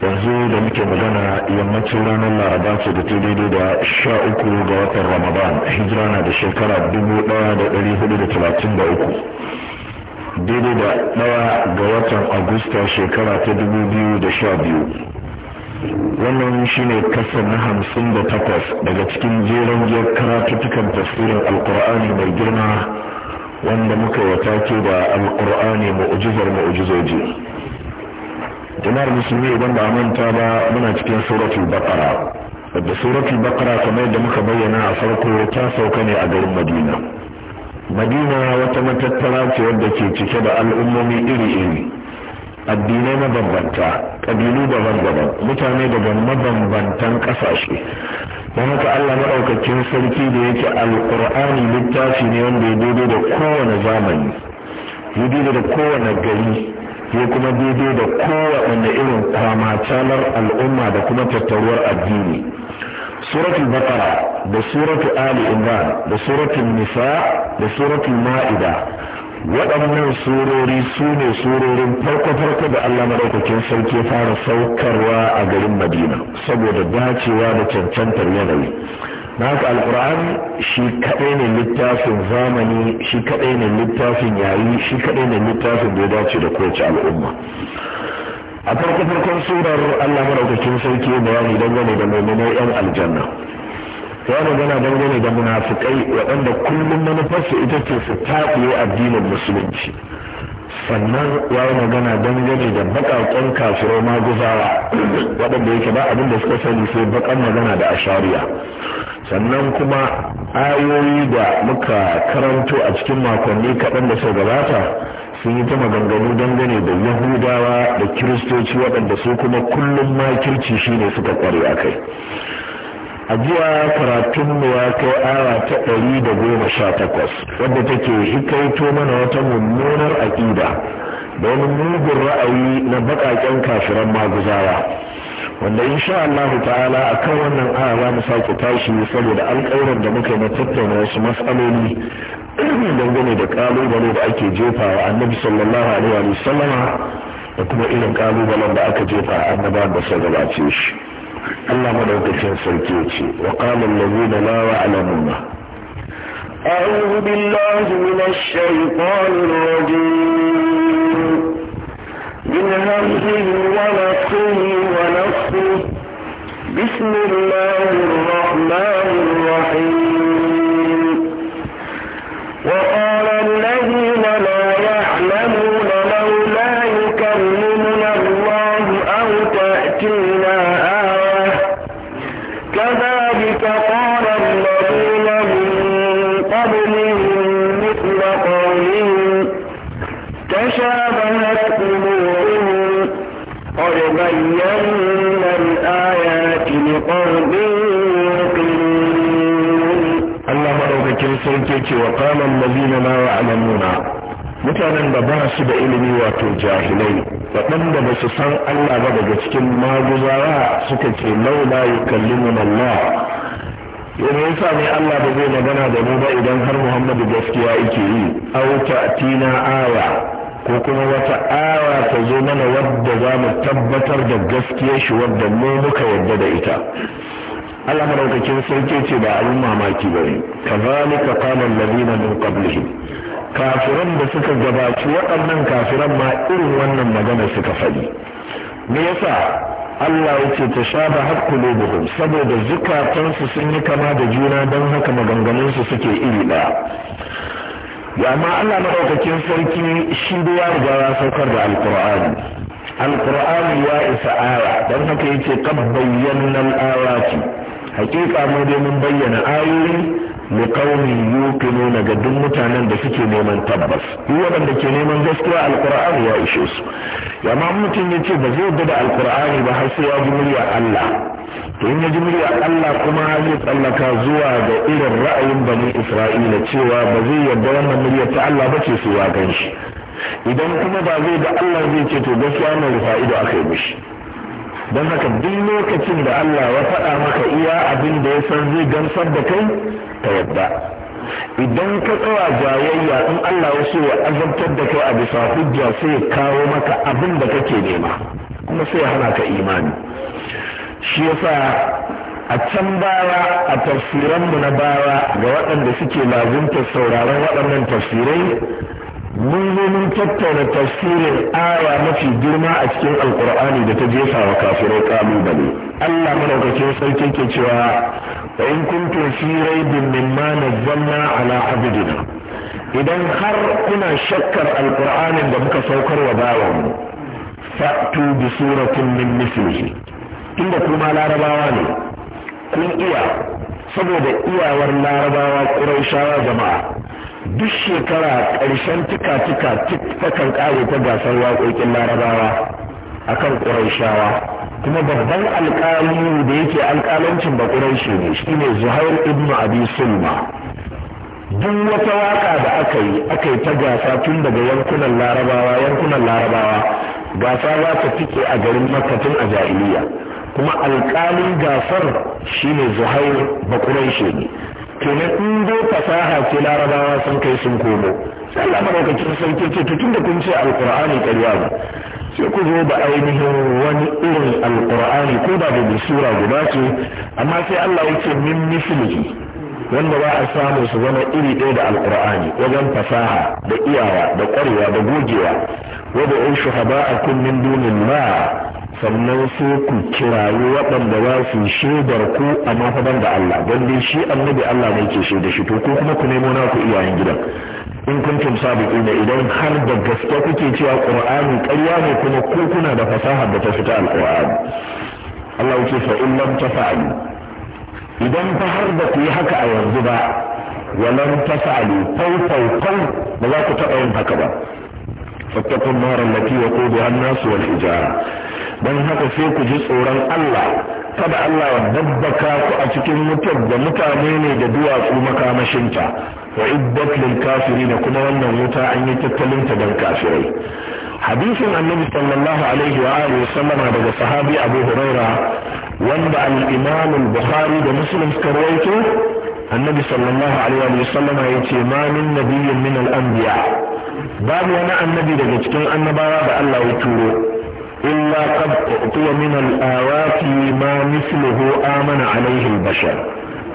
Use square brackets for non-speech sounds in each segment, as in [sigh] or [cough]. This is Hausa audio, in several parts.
yanzu da muke magana yammacin ranar laraba ce da ta daidai da sha uku ga watan ramadan hijira na da shekara dubu daya da dari hudu da talatin da uku daidai da daya ga watan agusta shekara ta dubu biyu da sha biyu wannan shine kasa na hamsin da takwas daga cikin jeren jiyar karatuttukan tafsirin alkur'ani mai girma wanda muka yi take da alkur'ani mu'ujizar mu'ujizoji jama'ar musulmi idan ba manta ba muna cikin suratul baqara wadda suratul baqara kamar yadda muka bayyana a farko ta sauka ne a garin madina madina wata matattara ce wadda ke cike da al'ummomi iri-iri addinai mabambanta ƙabilu daban-daban mutane daga mabambantan ƙasashe don haka allah maɗaukakin sarki da yake alƙur'ani littafi ne wanda ya daidai da kowane zamani ya daidai da kowane gari ya kuma daidai da kowane irin kwamacalar al'umma da kuma tattaruwar addini suratul baqara da suratul ali imran da suratul nisa da suratul ma'ida waɗannan surori su ne surorin farko-farko da Allah maɗaukakin sarki ya fara saukarwa a garin Madina saboda dacewa da cancantar yanayi na alkur'ani shi kaɗai ne littafin zamani shi kaɗai ne littafin yayi shi kaɗai ne littafin da ya dace da kowace al'umma a farko farkon surar allah maraukakin sarki bayani dangane da mummunai yan aljanna ya magana dangane da munafukai waɗanda kullum manufarsu ita ce su taɗiye addinin musulunci sannan ya yi magana dangane da baƙaƙen kasuwar maguzawa waɗanda yake ba abin da suka sani sai bakan magana da ashariya sannan kuma ayoyi da muka karanto a cikin makonni kaɗan da suka gabata sun yi ta maganganu dangane da yahudawa da kiristoci waɗanda su kuma kullum makirci shine suka kware a kai a jiya karatunmu ya kai awa ta ɗari da goma sha takwas wadda take hikaito mana wata mummunar aƙida da wani mugun ra'ayi na baƙaƙen kafiran maguzawa wanda insha Allah ta'ala a kan wannan aya za mu sake tashi saboda alƙawuran da muka yi na tattauna wasu matsaloli [clears throat] dangane da ƙalubale da ake jefawa annabi sallallahu alaihi wa sallama da kuma irin ƙalubalen da aka jefa annabawan da suka gabace shi الله madaukakin sarki ya وقال الذين لا allazina أعوذ بالله من الشيطان الرجيم من همه ونفه ونفه بسم الله الرحمن الرحيم sai ce wa qala na la ya'lamuna mutanen da ba su da ilimi wato jahilai waɗanda ba su san Allah ba daga cikin maguzawa suka ce laula yukallimuna Allah yana yasa ne Allah ba zai magana da mu ba idan har Muhammadu gaskiya yake yi au ta'tina aya ko kuma wata aya ta zo mana wadda za mu tabbatar da gaskiyar shi wadda mu muka yadda da ita Allah madaukakin sarki ce ba abin mamaki ba ne kazalika qala alladhina min qablihim kafiran da suka gabaci waɗannan kafiran ma irin wannan magana suka faɗi me yasa Allah ya ce ta sha ba haƙƙulubuhum saboda zukatansu sun yi kama da juna don haka maganganunsu suke iri ɗaya yamma ma Allah maɗaukakin sarki shi ya riga ya saukar da alƙur'ani alƙur'ani ya isa aya don haka ya ce ƙabbayyan hakika mu dai mun bayyana ayoyi mu qaumin yuqinuna ga duk mutanen da suke neman tabbas duk waɗanda ke neman gaskiya alqur'ani ya ishe su amma mutum ya ce ba zai yarda da alqur'ani ba har sai ya ji murya Allah to in ya ji murya Allah kuma zai tsallaka zuwa ga irin ra'ayin bani Isra'ila cewa ba zai yarda wannan murya ta Allah ba ce su ya ganshi idan kuma ba zai da Allah zai ce to gaskiya mai rufa'ido aka yi mishi don haka duk lokacin da Allah ya faɗa maka iya abin da ya san zai gamsar da kai ta yadda idan ka tsawa jayayya in Allah ya so ya azabtar da kai a bisa hujja sai ya kawo maka abin da kake nema kuma sai ya hana ka imani shi yasa a can baya a tafsiranmu na baya ga waɗanda suke lazimtar sauraron waɗannan tafsirai mun zo mun tattauna tafsirin aya mafi girma a cikin alkur'ani da ta jefa wa kafirai kalubale Allah madaukakin sarki ke cewa wa in kuntum fi raibin mimma nazzalna ala abdina idan har kuna shakkar alkur'anin da muka saukar wa bawan mu fa'tu bi suratin min mislihi Tunda kuma larabawa ne kun iya saboda iyawar larabawa ƙurayshawa jama'a duk shekara ƙarshen tika-tika takan ƙare ta gasar waƙoƙin larabawa a kan ƙuraishawa kuma babban alƙali da yake alƙalancin ba ne shi ne zuhair ibn abi sulma duk wata waƙa da aka yi aka yi ta gasa tun daga yankunan larabawa yankunan larabawa gasa za ta tike a garin makatun a jahiliya kuma alƙalin gasar shine zuhair ba ƙuraishe ne kenan in fasaha ce larabawa sun kai sun komo sai Allah madaukakin sarki ce to tunda kun ce alqur'ani ƙarya ne sai ku zo da ainihin wani irin alqur'ani ko ba da sura guda ce amma sai Allah yake min mislihi wanda ba a samu su zama iri ɗaya da alkur'ani wajen fasaha da iyawa da ƙwarewa da gogewa wadda in shuhaba a kunnin dunin ma sannan su ku kirayi waɗanda za su shaidar ku a mafadan da Allah don dai shi annabi Allah ne ke shaida shi to ko kuma ku nemo naku iyayen gidan in kuntum sabiqina idan har da gaske kuke cewa qur'ani ƙarya ne kuma ko kuna da fasaha da ta fita alqur'ani Allah yake fa in lam tafa'alu idan fa har ba ku yi haka a yanzu ba walan tasalu fau fau fau ba za ku taɓa yin haka ba fattakun mara lati wa ko da nasu wal hijara don haka sai ku ji tsoron Allah kada Allah wa dabbaka ku a cikin mutum da mutane ne da duwatsu makamashinta wa iddat lil kafirin kuma wannan wuta an yi tattalin ta dan kafirai hadisin annabi sallallahu alaihi wa alihi sallama daga sahabi abu huraira wanda al-imam al-bukhari da muslim suka rawaito annabi sallallahu alaihi wa sallama yace ma min nabiyyin min al-anbiya babu wani annabi daga cikin annabawa da Allah ya turo illa qad utiya min al-awati ma mithluhu amana alaihi al-bashar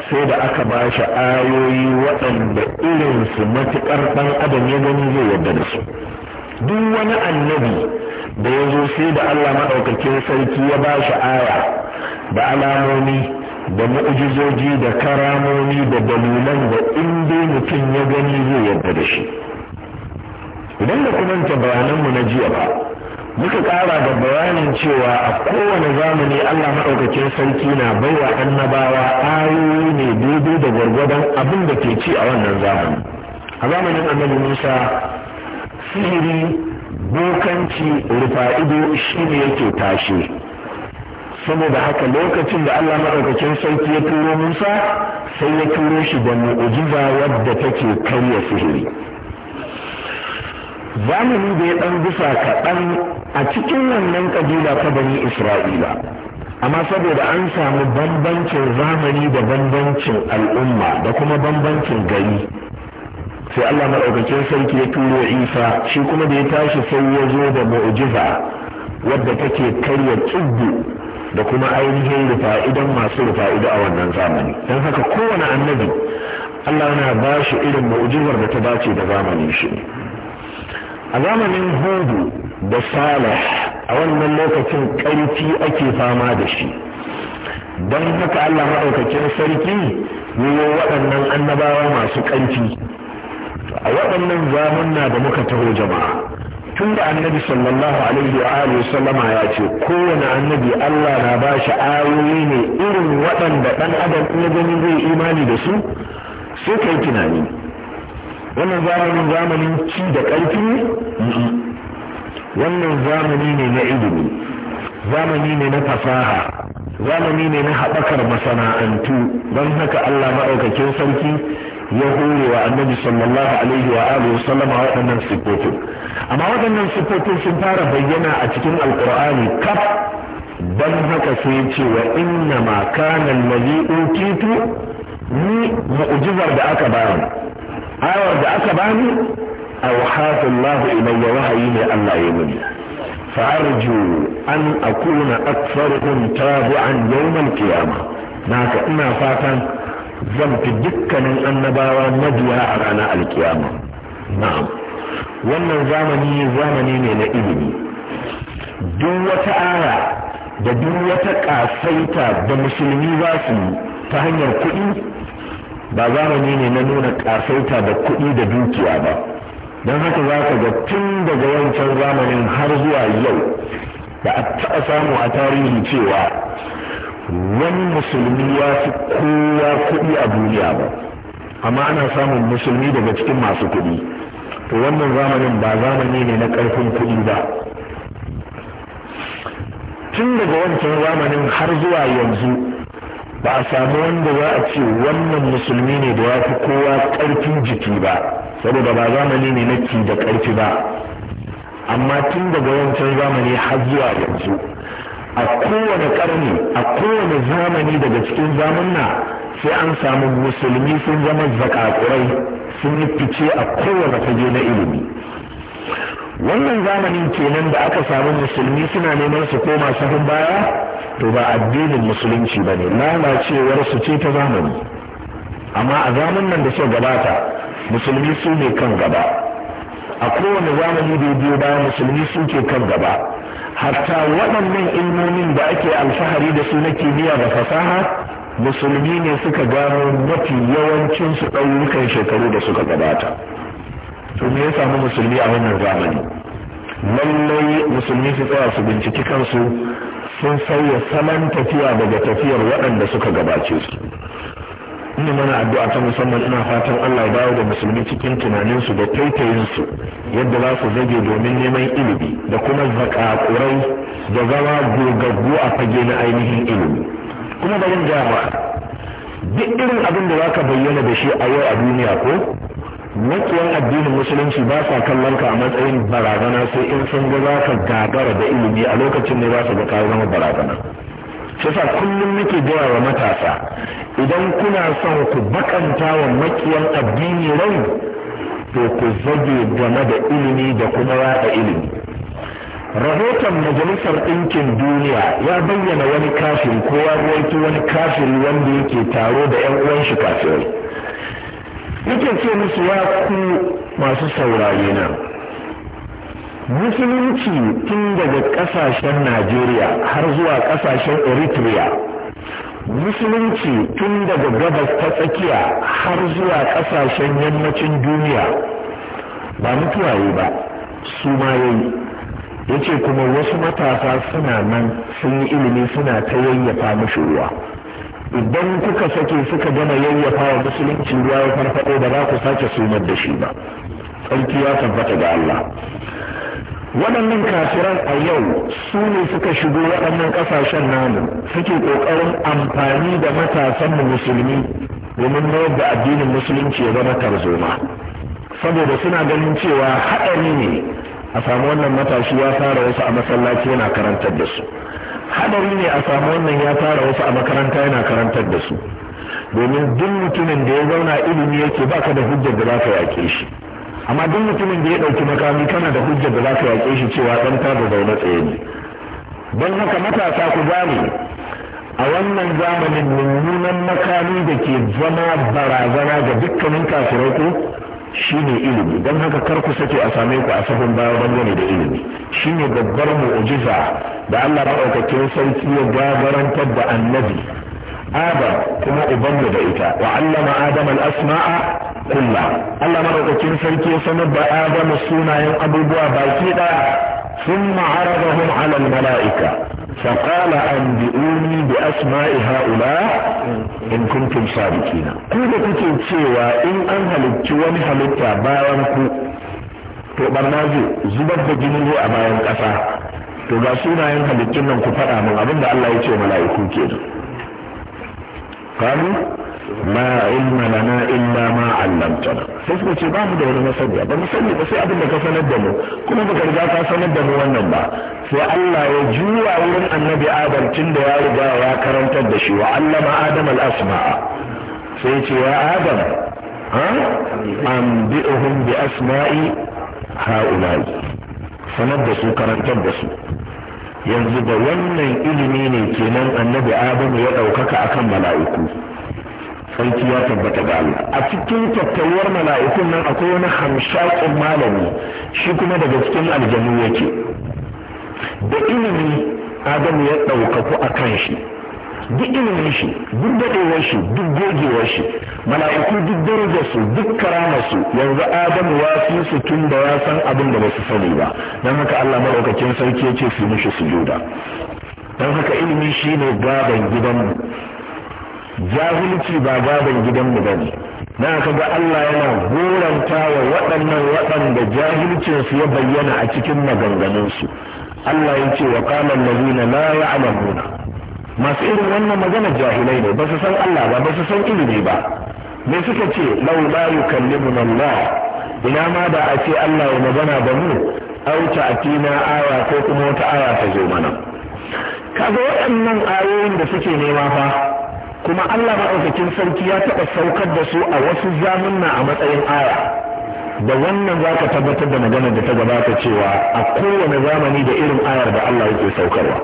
sai da aka ba shi ayoyi waɗanda irinsu matuƙar ɗan adam ya gani zai yarda da su duk wani annabi da ya zo sai da Allah maɗaukakin sarki ya ba shi aya da alamomi da mu'ujizoji da karamomi da dalilan da in dai mutum ya gani zai yarda da shi idan da kuma ta bayananmu na jiya ba muka ƙara da bayanin cewa a kowane zamani Allah maɗaukakin sarki na baiwa annabawa ayoyi ne daidai da gwargwadon abin da ke ci a wannan zamani a zamanin annabi musa sihiri bukanci rufa'ido shi ne yake tashe saboda haka lokacin da Allah maɗaukakin sarki ya turo Musa sai ya turo shi da mu'jiza wadda take karya sihiri zamani da ya ɗan bisa kaɗan a cikin wannan ƙabila ta bani Isra'ila amma saboda an samu bambancin zamani da bambancin al'umma da kuma bambancin gari sai Allah maɗaukacin sarki ya turo Isa shi kuma da ya tashi sai ya zo da mu'jiza wadda take karya tsubbu da kuma ainihin rufa idan masu rufa ido a wannan zamani don haka kowane annabi Allah na ba shi irin mu'jizar da ta dace da zamanin shi a zamanin hudu da salih a wannan lokacin ƙarfi ake fama da shi don haka Allah maɗaukakin sarki ne waɗannan annabawa masu ƙarfi a waɗannan zamunna da muka taho jama'a tun da annabi sallallahu alaihi wa alihi sallama ya ce kowane annabi Allah na ba shi ayoyi ne irin waɗanda ɗan adam in gani zai imani da su sai kai tunani wannan zamanin zamanin ci da ƙarfi ne wannan zamani ne na ilimi zamani ne na fasaha zamani ne na haɓakar masana'antu don haka Allah maɗaukakin sarki ya hore wa annabi sallallahu alaihi wa alihi wa sallam a waɗannan siffofin amma waɗannan siffofin sun fara bayyana a cikin alqur'ani kaf dan haka sai ce wa inna ma kana allazi utitu ni mu'jizar da aka bani ayar da aka bani awhatu Allah ilayya wahayi ne Allah ya muni فأرجو أن أكون أكثرهم تابعا يوم القيامة ناك إنا فاتن zan fi dukkanin annabawa biya a ranar alkiyama na'am wannan zamani zamani ne na ilimi duk wata ara da duk wata ƙasaita da musulmi za su ta hanyar kuɗi ba zamani ne na nuna ƙasaita da kuɗi da dukiya ba don haka za ka ga tun daga yancan zamanin har zuwa yau da a taɓa samu a tarihi cewa wani musulmi ya fi kowa kuɗi a duniya ba amma ana samun musulmi daga cikin masu kuɗi to wannan zamanin ba zamani ne na ƙarfin kuɗi ba tun daga wancan zamanin har zuwa yanzu ba a sami wanda za a ce wannan musulmi ne da ya fi kowa ƙarfin jiki ba saboda ba zamani ne na ki da ƙarfi ba amma tun daga wancan zamani har zuwa yanzu a kowane karni a kowane zamani daga cikin zamanna sai an samu musulmi sun zama zakakurai sun yi fice a kowane fage na ilimi wannan zamanin kenan da aka samu musulmi suna neman su koma sahun baya to ba addinin musulunci ba ne lalacewar su ce ta zamani amma a zamanin nan da suka gabata musulmi su ne kan gaba a kowane zamani da biyo baya musulmi su ke kan gaba hatta waɗannan ilmomin da ake alfahari da su na kimiyya da fasaha musulmi ne suka gano mafi yawancin su ɗaurukan shekaru da suka gabata to me ya samu musulmi a wannan zamani lallai musulmi su tsaya su binciki kansu sun sauya salon tafiya daga tafiyar waɗanda suka gabace su ina mana addu'a ta musamman ina fatan Allah ya dawo da musulmi cikin tunanin su da taitayinsu yadda za su zage domin neman ilimi da kuma zakakurai da zama gogaggu a fage na ainihin ilimi kuma barin ba duk irin abin da zaka bayyana da shi a yau a duniya ko makiyan addinin musulunci ba sa kallon ka a matsayin barazana sai in sun ga za gagara da ilimi a lokacin ne za su ga ka zama barazana sasa kullum nake gaya wa matasa idan kuna son ku bakanta wa makiyan addini rai to ku zage game da ilimi da kuma yada ilimi rahoton majalisar ɗinkin duniya ya bayyana wani kafin ko ya ruwaito wani kafin wanda yake taro da 'yan uwan shi kafirai yake ce musu ya ku masu saurare na musulunci tun daga ƙasashen najeriya har zuwa ƙasashen eritrea musulunci tun daga gabas ta tsakiya har zuwa ƙasashen yammacin duniya ba mutuwaye ba su ma yayi ya ce kuma wasu matasa suna nan sun yi ilimi suna ta yayyafa mashi ruwa idan kuka sake suka gama yayyafa wa musulunci ruwa ya farfaɗo ba za ku sake sunar da shi ba tsarki ya tabbata ga Allah waɗannan kafiran a yau su ne suka shigo waɗannan ƙasashen namu suke ƙoƙarin amfani da matasanmu musulmi domin mayar da addinin musulunci ya zama tarzoma saboda suna ganin cewa haɗari ne a samu wannan matashi ya fara wasu a masallaci yana karantar da su haɗari ne a samu wannan ya fara wasu a makaranta yana karantar da su domin duk mutumin da ya zauna ilimi yake baka da hujjar da za ka yaƙe shi amma duk mutumin da ya ɗauki makami kana da hujjar da za ka yaƙe shi cewa ɗan ta da zaune tsaye ne don haka matasa ku gane a wannan zamanin mummunan makami da ke zama barazana ga dukkanin kafirai shine ilimi don haka kar ku sake a same ku a sabon baya bangare da ilimi shine babbar ujiza da Allah maɗaukakin sarki ya gagarantar da annabi Adam kuma ubanmu da ita wa allama Adam al-asma'a kulla Allah madaukakin sarki ya sanar da Adamu sunayen abubuwa baki da sun ma'arazahun ala mala'ika faƙala an bi'uni bi asma'i ha'ula in kuntum sadiqina Kuma da kuke cewa in an halicci wani halitta bayan ku to barna zubar da jini ne a bayan ƙasa to ga sunayen halittun nan ku faɗa min abinda Allah ya ce mala'iku da. kamu la ilma lana illa ma 'allamtana sai suka ce babu da wani masaniya ba mu sani ba sai abin da ka sanar da mu kuma ba ka riga ka sanar da mu wannan ba sai Allah ya juya wurin annabi Adam tun da ya riga ya karantar da shi wa allama Adam al-asma'a sai ce ya Adam ha anbi'uhum bi asma'i ha'ula'i sanar da su karantar da su yanzu da wannan ilimi ne kenan annabi Adam ya ɗaukaka akan mala'iku sarki ya tabbata ga Allah a cikin tattawar mala'ikun nan akwai wani hamshakin malami shi kuma daga cikin aljanu yake da ilimi adamu ya ɗaukaku a kan shi duk ilimin shi duk daɗewar shi duk gogewar shi mala'iku duk daraja su duk karama su yanzu adamu ya fi su tun da ya san abin da ba su sani ba don haka Allah maɗaukakin sarki ya ce su mishi sujuda don haka ilimi shi ne gaban gidanmu jahilci ba gaban gidanmu ba ne na kaga Allah yana goranta wa waɗannan waɗanda su ya bayyana a cikin maganganunsu Allah ya ce wa kalan lazina la ya'lamuna masu irin wannan magana jahilai ne ba su san Allah ba ba su san ilimi ba me suka ce law la yukallimuna Allah ina ma da a ce Allah ya magana da mu aw ta'tina aya ko kuma wata aya ta zo mana kaga waɗannan ayoyin da suke nema fa kuma Allah maɗaukakin sarki ya taɓa saukar da su a wasu zamunna a matsayin aya da wannan za ka tabbatar da maganar da ta gabata cewa a kowane zamani da irin ayar da Allah yake saukarwa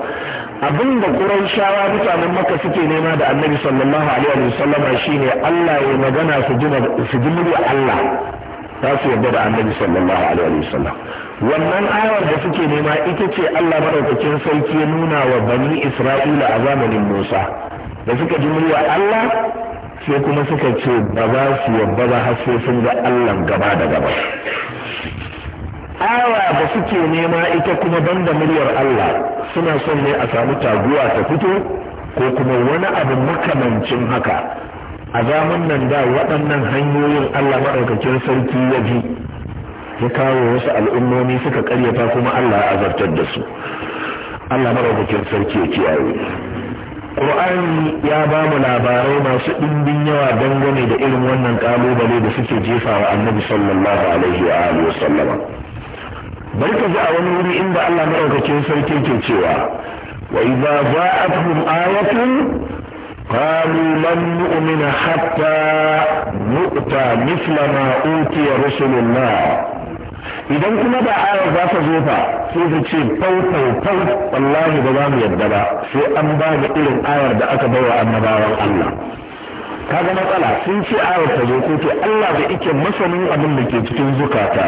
abin da shawa mutanen maka suke nema da annabi sallallahu alaihi wa sallama shine Allah ya magana su ji Allah za su yarda da annabi sallallahu alaihi wa sallam wannan ayar da suke nema ita ce Allah madaukakin sarki ya nuna wa bani Isra'ila a zamanin Musa da suka ji murya Allah sai kuma suka ce ba za su yabba ba har sai sun ga Allah gaba da gaba awa da suke nema ita kuma banda muryar Allah suna son ne a samu taguwa ta fito ko kuma wani abu makamancin haka a zaman nan da waɗannan hanyoyin Allah maɗaukakin sarki ya ji ya kawo wasu al'ummomi suka ƙaryata kuma Allah ya azartar da su Allah maɗaukakin sarki ya kiyaye ƙur'ani ya ba mu labarai masu ɗimbin yawa dangane da irin wannan ƙalubale da suke wa annabi sallallahu alaihi wa alihi wasallama bari ka ji a wani wuri inda Allah maɗaukakin sarki ke cewa wa idza za'atuhum ayatun qalu lan nu'mina hatta nu'ta mithla ma utiya rasulullah idan kuma da ayar za ta zo fa sai su ce fau fau fau wallahi ba za mu yarda ba sai an ba da irin ayar da aka baiwa annabawan Allah kaga matsala sun ce ayar ta zo ko ce Allah da yake masanin abin da ke cikin zukata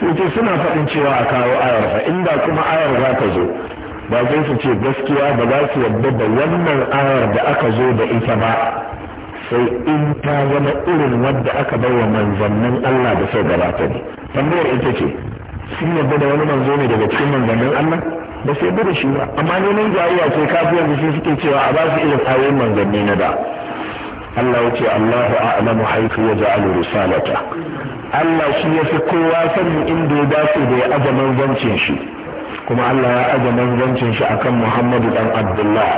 ne ce suna faɗin cewa a kawo ayar fa inda kuma ayar za ta zo ba zai su ce gaskiya ba za su yarda da wannan ayar da aka zo da ita ba sai in ta zama irin wadda aka bai wa manzannin Allah da sau gabata ne tambayar ita ce sun yadda da wani manzo ne daga cikin manzannin Allah ba sai bada shi ba amma neman jayayya ce kafiyar da shi suke cewa a ba su irin ayoyin manzanni na da Allah ya ce Allahu a'lamu haythu yaj'alu risalata Allah shi ya fi kowa sanin inda ya dace da ya aza manzancin shi kuma Allah ya aje manzancin shi akan Muhammadu dan Abdullah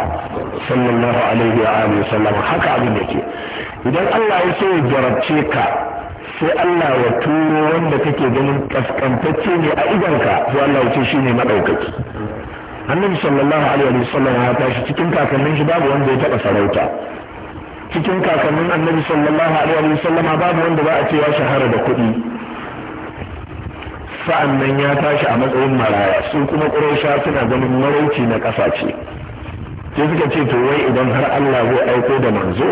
sallallahu alaihi wa alihi sallam haka abin yake idan Allah ya so ya jarabce ka sai Allah ya turo wanda kake ganin kaskantacce ne a idanka sai Allah ya ce shine madaukaki annabi sallallahu alaihi wa sallam ya tashi cikin kakannin shi babu wanda ya taba sarauta cikin kakannin annabi sallallahu alaihi wa sallama babu wanda za a ce ya shahara da kuɗi sa'an nan ya tashi a matsayin maraya su kuma ƙuraisha suna ganin marauci na ƙasa ce sai suka ce to wai idan har Allah zai aiko da manzo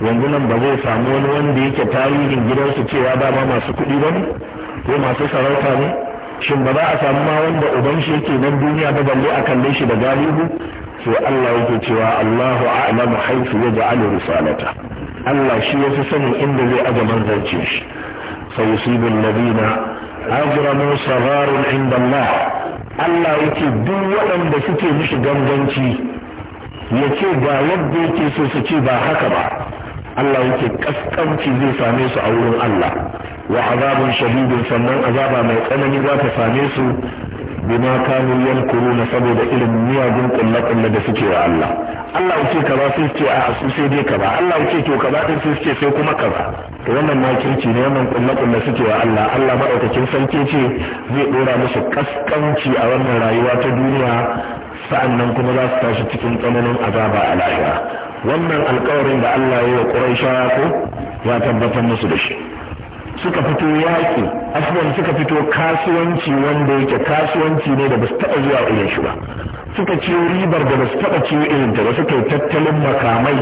yanzu nan ba zai samu wani wanda yake tarihin gidansu cewa ma masu kuɗi ba ne ko masu sarauta ne shin ba za a samu ma wanda uban shi yake nan duniya ba balle a kalle shi da galihu sai Allah yake cewa Allahu a'lamu haythu yaj'alu risalata Allah shi yafi sanin inda zai aje manzancin shi sayusibu alladhina ajramu sagharun inda Allah Allah yake duk waɗanda suke mishi ganganci ya ce ga yadda yake so su ce ba haka ba Allah yake kaskanci zai same su a wurin Allah wa azabun shadidin sannan azaba mai tsanani za ta same su bima kanu yankuruna saboda irin miyagun kulle da suke wa Allah Allah ce kaza sai ce a su sai dai kaza Allah ce to kaza din sai ce sai kuma kaza to wannan makirci ne wannan kulle suke wa Allah Allah madaukakin sarki ce zai dora musu kaskanci a wannan rayuwa ta duniya sa'annan kuma za su tashi cikin tsananin azaba a lahira wannan alkawarin da Allah ya yi wa Quraishawa ko ya tabbatar musu da shi suka fito yaƙi afuwan suka fito kasuwanci wanda yake kasuwanci ne da ba su taɓa zuwa irin shi ba suka ciyo ribar da ba su taɓa ciyo irin ta ba suka yi tattalin makamai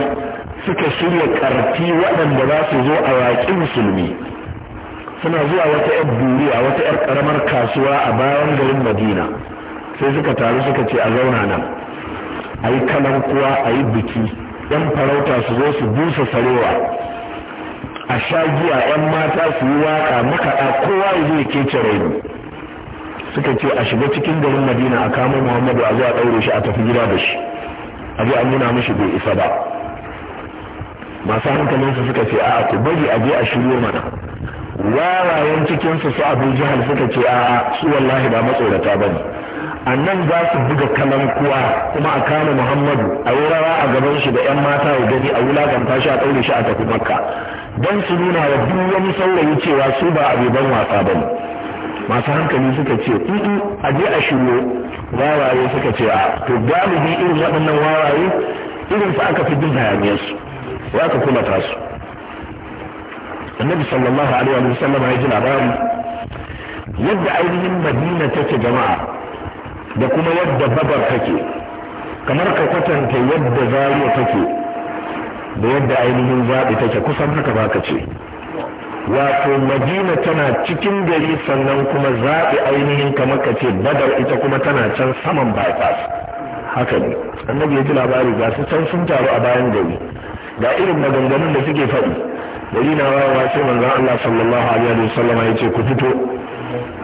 suka shirya ƙarfi waɗanda za su zo a yaƙi musulmi suna zuwa wata 'yar duniya wata 'yar ƙaramar kasuwa a bayan garin madina sai suka taru suka ce a zauna nan a yi kalan kuwa a yi biki yan farauta su zo su busa sarewa a sha giya yan mata su yi waka makaɗa kowa ya zai kece raini suka ce a shiga cikin garin madina a kamo muhammadu a zuwa ɗaure shi a tafi gida da shi a je an nuna mishi bai isa ba masu hankalinsu suka ce a ku bari a je a shiryo mana wawayen cikinsu su abu jihar suka ce a su wallahi ba matsorata ba ne a nan za su buga kalan kuwa kuma a kama muhammadu a yi rawa a gaban shi da yan mata ya gani a wulakanta shi a ɗaure shi a tafi makka don su nuna wa duk wani saurayi cewa su ba ban wasa ba ne masu hankali suka ce in a je a shiryo wawaye suka ce a to galibi irin waɗannan wawaye irin su aka fi jin su ya aka kuma su annabi sallallahu alaihi wa sallam ya ji labarin yadda ainihin madina take jama'a da kuma yadda babar take kamar ka kwatanta yadda zariya take da yadda ainihin zaɓi take kusan haka ba ce wato madina tana cikin gari sannan kuma zaɓi ainihin kamar ka ce badar ita kuma tana can saman bypass haka ne annabi ya ji labari ga su can sun taru a bayan gari ga irin maganganun da suke faɗi gari na wawa sai manzon Allah sallallahu alaihi wasallam ya ce ku fito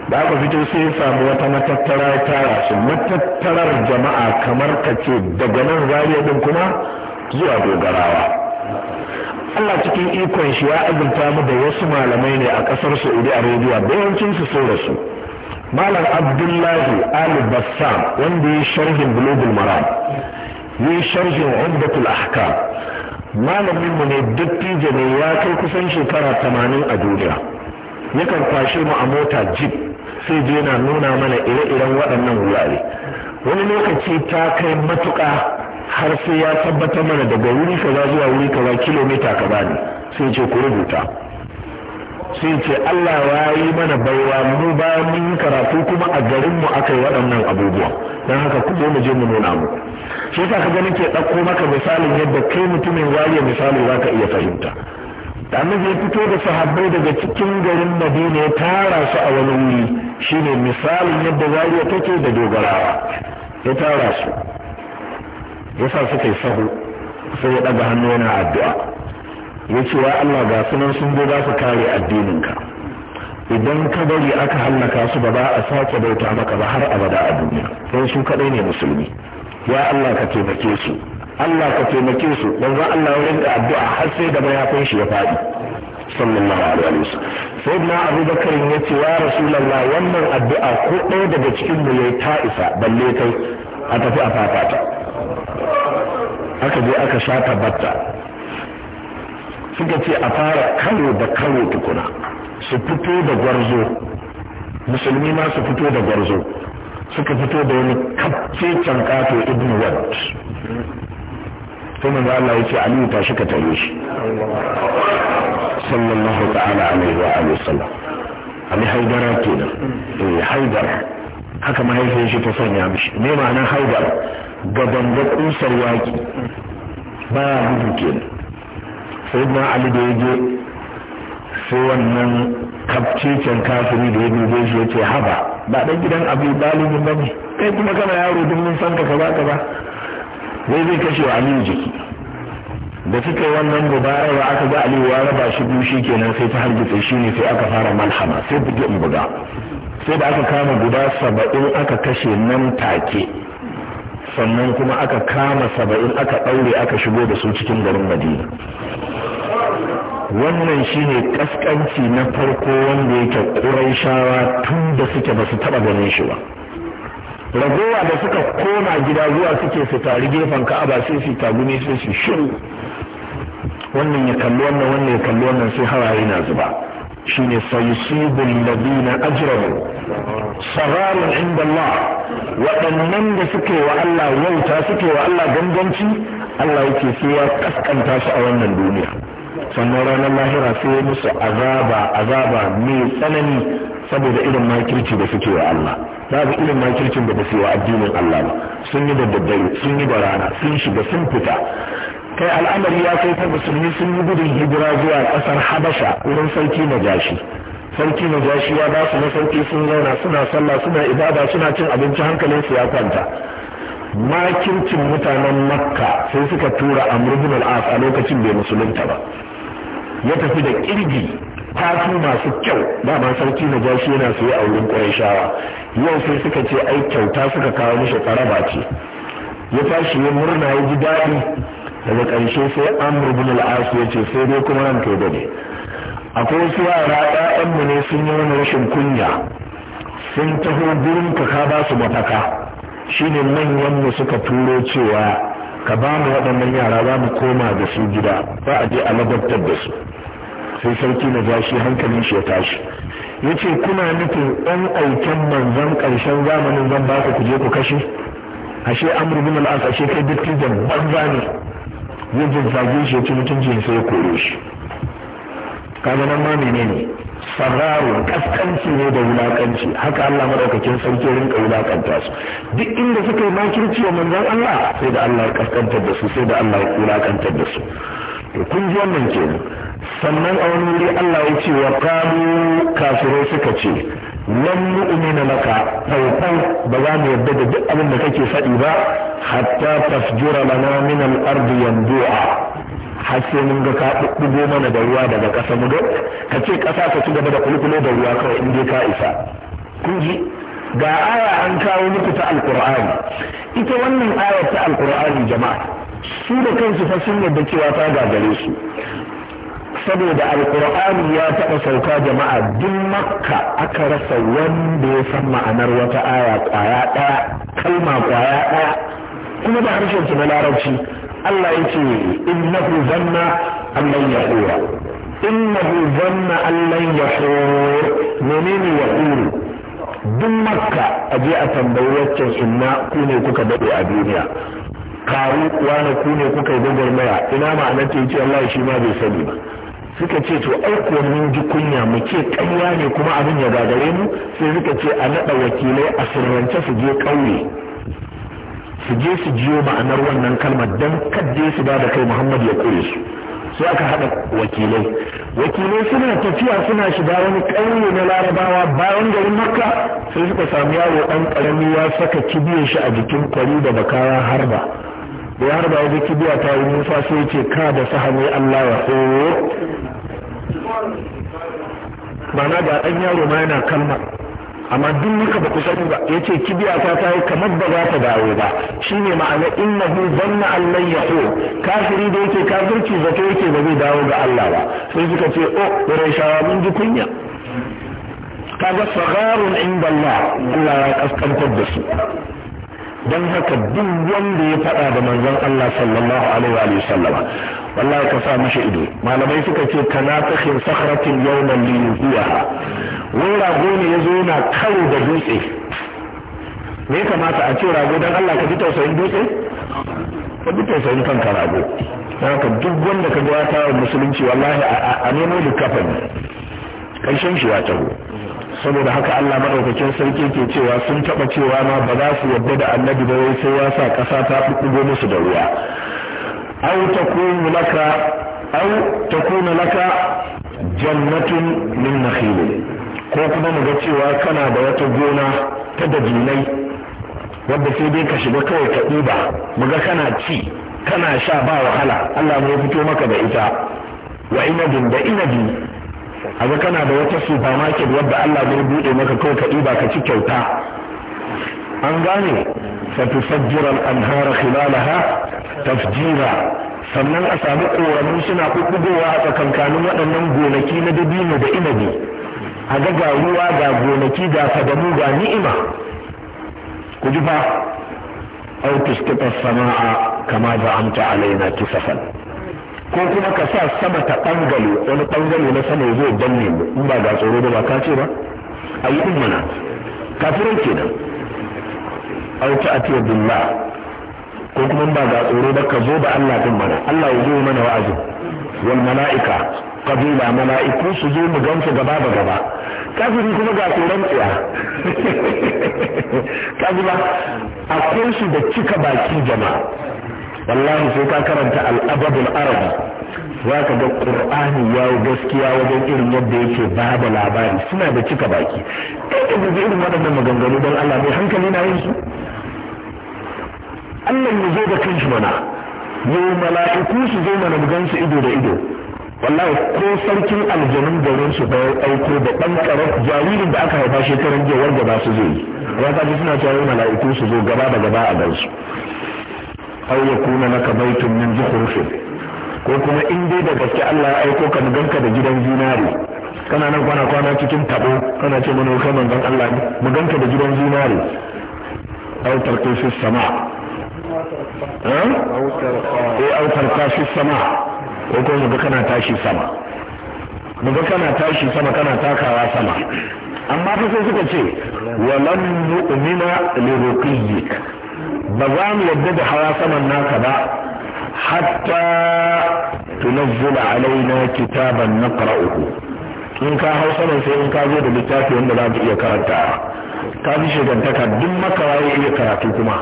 da aka fito sai ya samu wata matattara ta tara matattarar jama'a kamar ka ce daga nan zariya din kuma zuwa dogarawa Allah cikin ikon shi ya azurta mu da wasu malamai ne a kasar Saudi Arabia da yawancin su sai da su Malam Abdullahi Ali Bassam wanda ya sharhin Global Maram ya sharhin Umdatul Ahkam malamin mu ne dattijo ne ya kai kusan shekara 80 a duniya yakan kwashe mu a mota jeep sai je na nuna mana ire-iren waɗannan wurare wani lokaci ta kai matuka har sai ya tabbatar mana daga wuri kaza zuwa wuri kaza kilomita kaza ne sai ce ku rubuta sai ce Allah ya yi mana baiwa mu ba mun karatu kuma a garin mu aka waɗannan abubuwa don haka ku zo mu je mu nuna mu shi ka gani nake ɗauko maka misalin yadda kai mutumin wariya misali zaka iya fahimta da ya fito da sahabbai daga cikin garin Madina ya tara su a wani wuri shine misalin yadda zariya take da dogarawa ya tara su yasa suka yi sahu sai ya ɗaga hannu yana addu'a ya ce wa Allah ga sunan sun zo za su kare addininka idan ka bari aka hallaka su ba za a sake bauta maka ba har abada a duniya don su kaɗai ne musulmi ya Allah ka taimake su Allah ka taimake su don za Allah ya rinka addu'a har sai da mayafin shi ya faɗi sallallahu alaihi wasallam sai na abu bakar ya ce ya rasulallah wannan addu'a ko ɗaya daga cikin mu yayi ta isa balle kai a tafi a fata ta. aka je aka shata batta suka ce a fara karo da karo tukuna su fito da gwarzo musulmi ma su fito da gwarzo suka fito da wani kafce can kato ibn wad sai manzo Allah ya ce aliyu tashi ka tare shi sallallahu ta'ala alaihi wa alihi sallam ali haidara kenan eh haidara haka mahaifiyar shi ta sanya mishi me ma'anar haidara gaban da kusar waki baya gudu kenan sai na ali da ya je sai wannan kafcicen kafiri da ya dube shi ya ce haba ba dan gidan abu dalibin ba ne kai kuma kana yaro duk mun san ka kaza kaza zai zai kashe wa aliyu jiki da suka yi wannan mubayawa aka ga aliyu ya raba shi biyu shi kenan sai ta hargitse shi ne sai aka fara malhama sai buge in buga sai da aka kama guda saba'in aka kashe nan take sannan kuma aka kama saba'in aka ɗaure aka shigo da su cikin garin madina wannan shine kaskanci na farko wanda yake ƙuraishawa tun da suke ba su taɓa ganin shi ba ragowa da suka koma gida zuwa suke su tari gefen ka'aba sai su tagumi sai su shiru wannan ya kalli wannan wannan ya kalli wannan sai hawaye na zuba shine sayusibu alladhina ajramu sagarun inda Allah waɗannan da suke wa Allah wauta suke wa Allah ganganci Allah yake sai ya kaskanta su a wannan duniya sannan ranar lahira sai musu azaba azaba mai tsanani saboda irin makirci da suke wa Allah babu irin makircin da ba su yi wa addinin Allah ba sun yi da daddare sun yi da rana sun shiga sun fita kai al'amari ya kai ta musulmi sun yi gudun hijira zuwa kasar habasha wurin sarki najashi sarki najashi ya ba su sarki sun zauna suna sallah suna ibada suna cin abinci hankalinsu ya kwanta makircin mutanen makka sai suka tura Amurbin al'as a lokacin bai musulunta ba ya tafi da kirgi fasu masu kyau ma sarki na jashi yana su yi auren ƙwarishawa yau sai suka ce ai kyauta suka kawo mishi karaba ce ya tashi ya murna ya ji daɗi daga ƙarshe sai amrubun al'as ya ce sai dai kuma ran kai dade akwai wasu yara ɗayanmu ne sun yi wani rashin kunya sun taho gurin ka ka ba su mafaka shine manyan mu suka turo cewa ka ba mu waɗannan yara za mu koma da su gida ba a je a labartar da su sai sarki na zashi hankali shi ya tashi ya ce kuna nufin ɗan aiken manzan ƙarshen zamanin zan ba ku je ku kashe ashe amur bin al'as ashe kai dattijan banza ne ya zazzage shi ya ci mutuncin sai ya kore shi kaga nan ma menene sararu kaskanci ne da wulakanci haka Allah madaukakin sarki ka wulakanta su duk inda suka yi makirci wa manzon Allah sai da Allah ya kaskantar da su sai da Allah ya wulakanta da su to kun ji wannan kenan sannan a wani wuri Allah ya ce wa qalu kafirai suka ce lam nu'mina laka fawfau ba za mu yarda da duk abin da kake fadi ba hatta tafjura lana min al-ardi har mun ga ka mana da ruwa daga ƙasa mu ga ka ce ƙasa ka ci gaba da kulkulo da ruwa kawai in dai ka isa kun ji ga aya an kawo muku ta alƙur'ani ita wannan ayar ta alƙur'ani jama'a su da kansu fa sun yarda cewa ta gagare su saboda alkur'ani ya taɓa sauka jama'a duk makka aka rasa wanda ya san ma'anar wata aya kwaya ɗaya kalma kwaya ɗaya kuma da harshen su na larabci Allah ya ce innahu zanna allan ya innahu zanna allan ya menene ya duk makka a je a tambayi waccan inna ku ne kuka dade a duniya karu wani ku ne kuka yi gwagwarmaya ina ma'anar ta yace Allah shi ma bai sani ba suka ce to ai kuwa mun ji kunya mu ce ne kuma abin ya gagare mu sai suka ce a naɗa wakilai a sirrance su je ƙauye su je su jiyo ma'anar wannan kalmar don kadde su ba da kai muhammad ya kure su sai aka haɗa wakilai wakilai suna tafiya suna shiga wani ƙauye na larabawa bayan garin makka sai suka samu yawo ɗan ƙarami ya saka kibiyar shi a jikin kwari da bakawa harba da ya harba wajen kibiya ta yi nufa sai ce ka da sahani allah ya ma'ana ɗan yaro ma yana kalmar amma duk muka ba ku sani ba ya kibiya ta ta yi kamar ba za ta dawo ba shi ne ma'ana innahu zanna allan yahu kafiri da yake kafirci zato yake ba zai dawo ga Allah ba sai suka ce oh shawa mun ji kunya kaga sagarun inda Allah Allah ya kaskantar da su dan haka duk wanda ya faɗa da manzon Allah sallallahu alaihi wa sallama wallahi ka sa mishi ido malamai suka ce kana khin sakhratin yawman li wai rago ne ya zo yana karo da dutse me ya kamata a ce rago don Allah ka ji tausayin dutse ka bi tausayin kanka rago haka duk wanda ka ga ta musulunci wallahi a nemo likafani karshen shi ya saboda haka Allah madaukakin sarki ke cewa sun taba cewa ma ba za su yadda da annabi ba wai sai ya sa kasa ta bugo musu da ruwa aw takunu laka aw takunu laka jannatun min nakhil ko kuma mu ga cewa kana da wata gona ta dajinai wadda sai dai ka shiga kawai ka ɗiba mu ga kana ci kana sha ba wahala Allah ya fito maka da ita wa inabin da inabi a ga kana da wata supermarket wadda Allah ya buɗe maka kawai ka ɗiba ka ci kyauta an gane fatusajjira al-anhara khilalaha tafjira sannan a samu ƙoramu suna kukkugowa a tsakankanin waɗannan gonaki na dabino da inabi a ga ga ruwa ga gonaki ga fadamu ga ni'ima ku ji fa au tusqita samaa kama da amta alaina kisafan ko kuma ka sa sama ta bangalo wani bangalo na sama ya zo danne mu in ba ga tsoro da ba ka ce ba ayi ummana kafirai kenan au atiya billah ko kuma ba ga tsoro ba ka zo da Allah din mana Allah ya zo mana wa'azin wal mala'ika kabila mala'iku su zo mu gansu gaba da gaba kafiri kuma ga koran tsiya [laughs] kafira akwai su da cika baki jama'a wallahi sai ka karanta al'adabul arabi za ka ga qur'ani ya yi gaskiya wajen irin yadda yake ba da labari suna da cika baki kai da irin waɗannan maganganu don Allah mai hankali na yin su Allah ya zo da kanshi mana yau mala'iku su zo mana mu su ido da ido wallahi ko sarkin aljanun garin su bai aiko da dan karar jaririn da aka haifa shekaran jiya wanda ba su zai yi ya ji suna cewa mala'iku su zo gaba da gaba a gansu aw yakuna laka baitun min zukhrufin ko kuma in dai da gaske Allah ya aiko ka ka da gidan zinari kana nan kwana kwana cikin tabo kana ce mana kai manzon Allah mu ganka da gidan zinari aw tarqisis sama' Ko eh, aukar tashi sama ko ko mu kana tashi sama mu kana tashi sama kana takawa sama amma fa sai suka ce walam nu'mina li ruqiyyik ba za mu yadda da hawa saman naka ba hatta tunazzila alaina kitaban naqra'uhu in ka hau saman sai in ka zo da littafi wanda za ka iya karanta ka ji shigantaka duk makawaye iya karatu kuma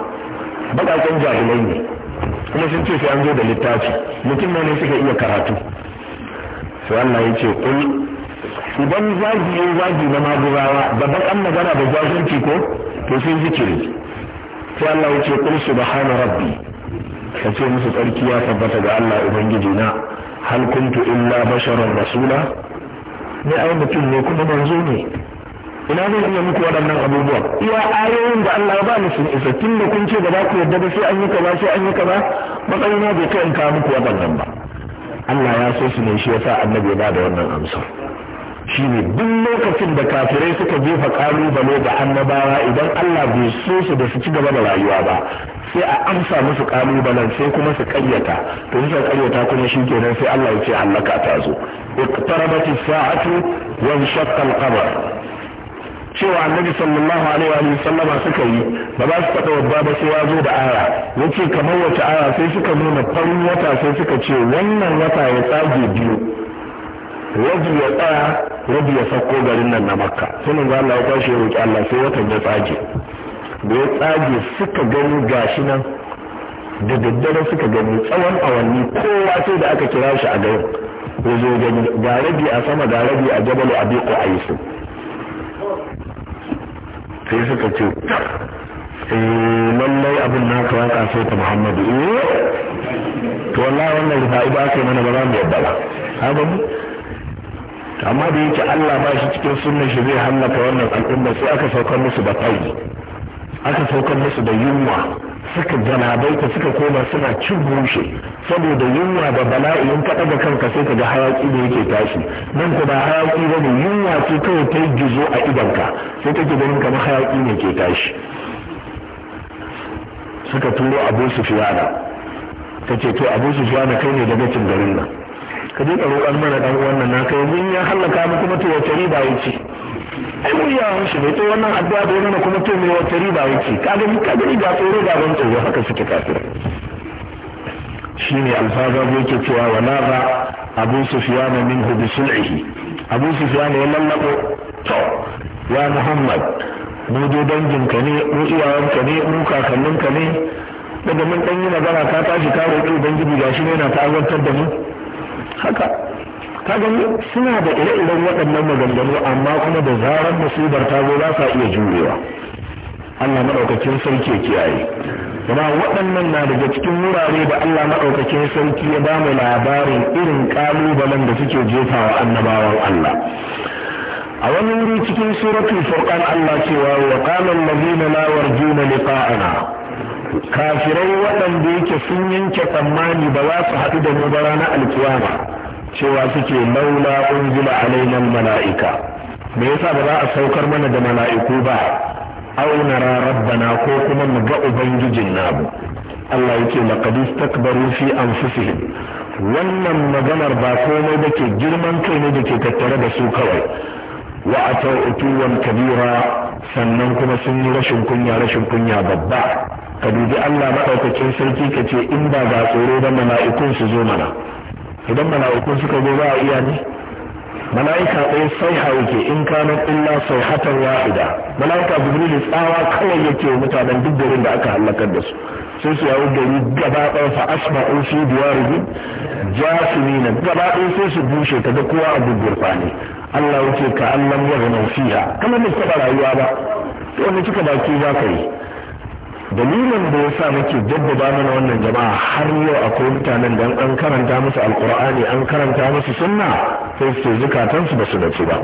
baƙaƙen jahilai ne kuma sun ce sai an zo da littafi mutum ne suka iya karatu sai Allah ya ce kul idan zagi ya zagi na magurawa da baƙan magana da zazunci ko to sai zikiri sai Allah ya ce kul subhana rabbi ka ce musu tsarki ya tabbata ga Allah ubangiji na hal kuntu illa basharar rasula ne ai mutum ne kuma manzo ne ina zan iya muku waɗannan abubuwa iya ayoyin da Allah ba ni sun isa tun da kun ce da za ku yarda ba sai an yi kaza sai an yi kaza matsayina bai kai in kawo muku waɗannan ba Allah ya so su ne shi yasa annabi ya bada wannan amsar shi ne duk lokacin da kafirai suka jefa kalubale da annabawa idan Allah bai so su da su ci gaba da rayuwa ba sai a amsa musu kalubalen sai kuma su karyata to suka karyata kuma shi kenan sai Allah ya ce Allah ka ta zo iqtarabat as-sa'atu wa shaqqa al-qamar cewa annabi sallallahu alaihi wa sallama suka yi ba za su faɗa babba ba sai ya zo da aya yace kamar wata aya sai suka nuna farin wata sai suka ce wannan wata ya tsage biyu rabi ya tsaya rabi ya sako garin nan na makka sai manzo Allah ya kwashe roki Allah sai watan ya tsage da ya tsage suka gani gashi nan da daddare suka gani tsawon awanni kowa sai da aka kira shi a garin ya zo gani ga rabi a sama ga rabi a jabalu abi qais sai suka ce eh, lallai abin na ka waka sai ta muhammadu eh to wallahi wannan rufa'i ba kai mana ba za mu yadda ba haka mu amma da yake Allah ba shi cikin sunnan shi zai hallaka wannan al'umma sai aka saukar musu da fai aka saukar musu da yunwa suka ganabaita suka koma suna cin bushe saboda yunwa da bala'i in ka ɗaga kanka sai ka ga hayaki da yake tashi nan ko ba hayaki ba ne yunwa ce kawai ta gizo a idanka sai kake ganin kamar hayaki ne ke tashi suka turo abu sufiyana ta ce to abu fiyana kai ne da gacin garin nan ka je roƙar mana ɗan wannan na kai mun ya hallaka mu kuma to wace riba yake ai mun ya hanshi ne to wannan addu'a da mana kuma to me wace riba yake ka gani ga tsoro da ban tsoro haka suke kafirai Shi shine alfazazi yake cewa Laza, abu sufyan min bi sul'ihi abu sufyan ya lallabo to ya muhammad mu dai danginka ne mu iyayenka ne mu kakanninka ne daga mun dan yi magana ka tashi ka roƙi ubangiji shi ne na ta'azantar da mu haka ka gani suna da ire-iren waɗannan maganganu amma kuma da zarar musibar ta zo za sa iya jurewa Allah maɗaukacin sarki kiyaye kuma waɗannan na daga cikin wurare da Allah maɗaukakin sarki ya ba mu labarin irin ƙalubalen da suke jefawa annabawan Allah a wani wuri cikin suratul furqan Allah cewa wa qala allazina la yarjuna liqa'ana kafirai waɗanda yake sun yanke tsammani ba za su haɗu da mu ba ranar alkiyama cewa suke laula unzila alaina mala'ika me yasa ba za a saukar mana da mala'iku ba aunara rabbana ko kuma mu ga na namu Allah yake laqad istakbaru fi anfusihim wannan maganar ba komai da ke girman kai ne da ke tattare da su kawai wa utuwan kabira sannan kuma sun yi rashin kunya rashin kunya babba ka dubi Allah madaukakin sarki ka ce in ba ga tsoro da mala'ikun su zo mana idan mala'ikun suka zo ba a iya ne mala'ika ɗaya sai hauke in kana illa sai hatan wahida mala'ika jibril tsawa kawai yake wa mutanen duk garin da aka halakar da su sai su yawo gari gaba ɗaya fa asma'u fi diyarihim jasimina gaba ɗaya sai su bushe ta da kowa a gurgurfani Allah wuce ka Allah ya gana fiha kamar bai taɓa rayuwa ba to wani cika baki za ka yi dalilin da ya sa muke jaddada mana wannan jama'a har yau akwai mutanen da an karanta musu alkur'ani an karanta musu sunna sai su zukatansu ba su natsu ba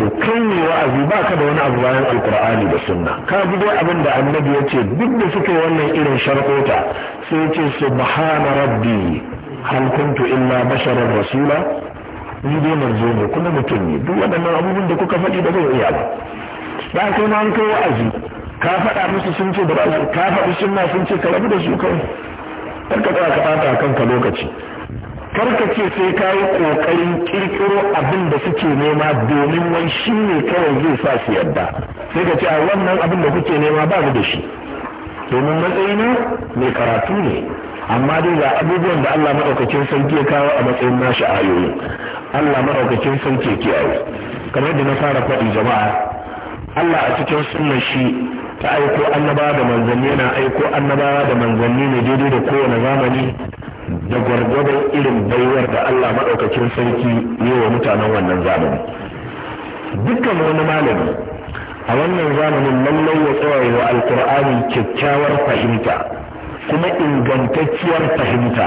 to kai ne wa'azi ba ka da wani abu bayan alkur'ani da sunna ka ji dai abin da annabi ya ce duk da suka yi wannan irin sharkota sai ce subhana rabbi hal kuntu illa basharar rasula ni dai manzo ne kuma mutum ne duk waɗannan abubuwan da kuka faɗi ba zan iya ba da kai ma an kai wa'azi ka faɗa musu sun ce da ba su ka faɗi sun ce ka rabu da su kawai kar ka tsaya ka ɓata kanka lokaci kar ka ce sai ka yi ƙoƙarin ƙirƙiro abin da suke nema domin wai shi ne kawai zai sa su yadda sai ka ce a wannan abin da kuke nema ba mu da shi domin matsayi ne mai karatu ne amma dai ga abubuwan da Allah maɗaukakin sarki ya kawo a matsayin nashi ayoyi Allah maɗaukakin sarki kiyaye kamar da na fara faɗi jama'a Allah a cikin sunnan shi ta aiko annaba da manzanni yana aiko annaba da manzanni ne daidai da kowane zamani da gwargwadon irin baiwar da Allah maɗaukacin sarki yi wa mutanen wannan zamani dukkan wani malami a wannan zamanin lallai ya tsawaye wa alkur'ani kyakkyawar fahimta kuma ingantacciyar fahimta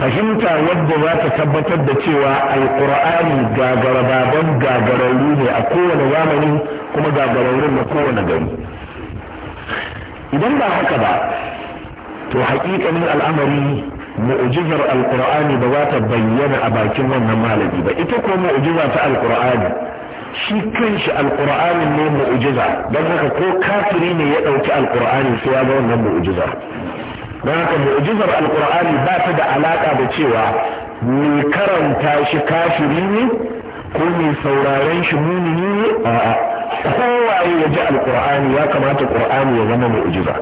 fahimta wadda za ta tabbatar da cewa alkur'ani gagara baban gagararru ne a kowane zamani kuma gagararru na kowane gari idan ba haka ba to haƙiƙanin al'amari mu'jizar alqur'ani ba za ta bayyana a bakin wannan malami ba ita ko mu'jiza ta alqur'ani shi kanshi alqur'ani ne mu'jiza Dan haka ko kafiri ne ya ɗauki alqur'ani sai ya ga wannan mu'jiza don haka mu'jizar alqur'ani ba ta da alaka da cewa mai karanta shi kafiri ne ko mai sauraren shi mumini ne a'a kowaye ya ji alkur'ani ya kamata ƙur'ani ya zama mu'jiza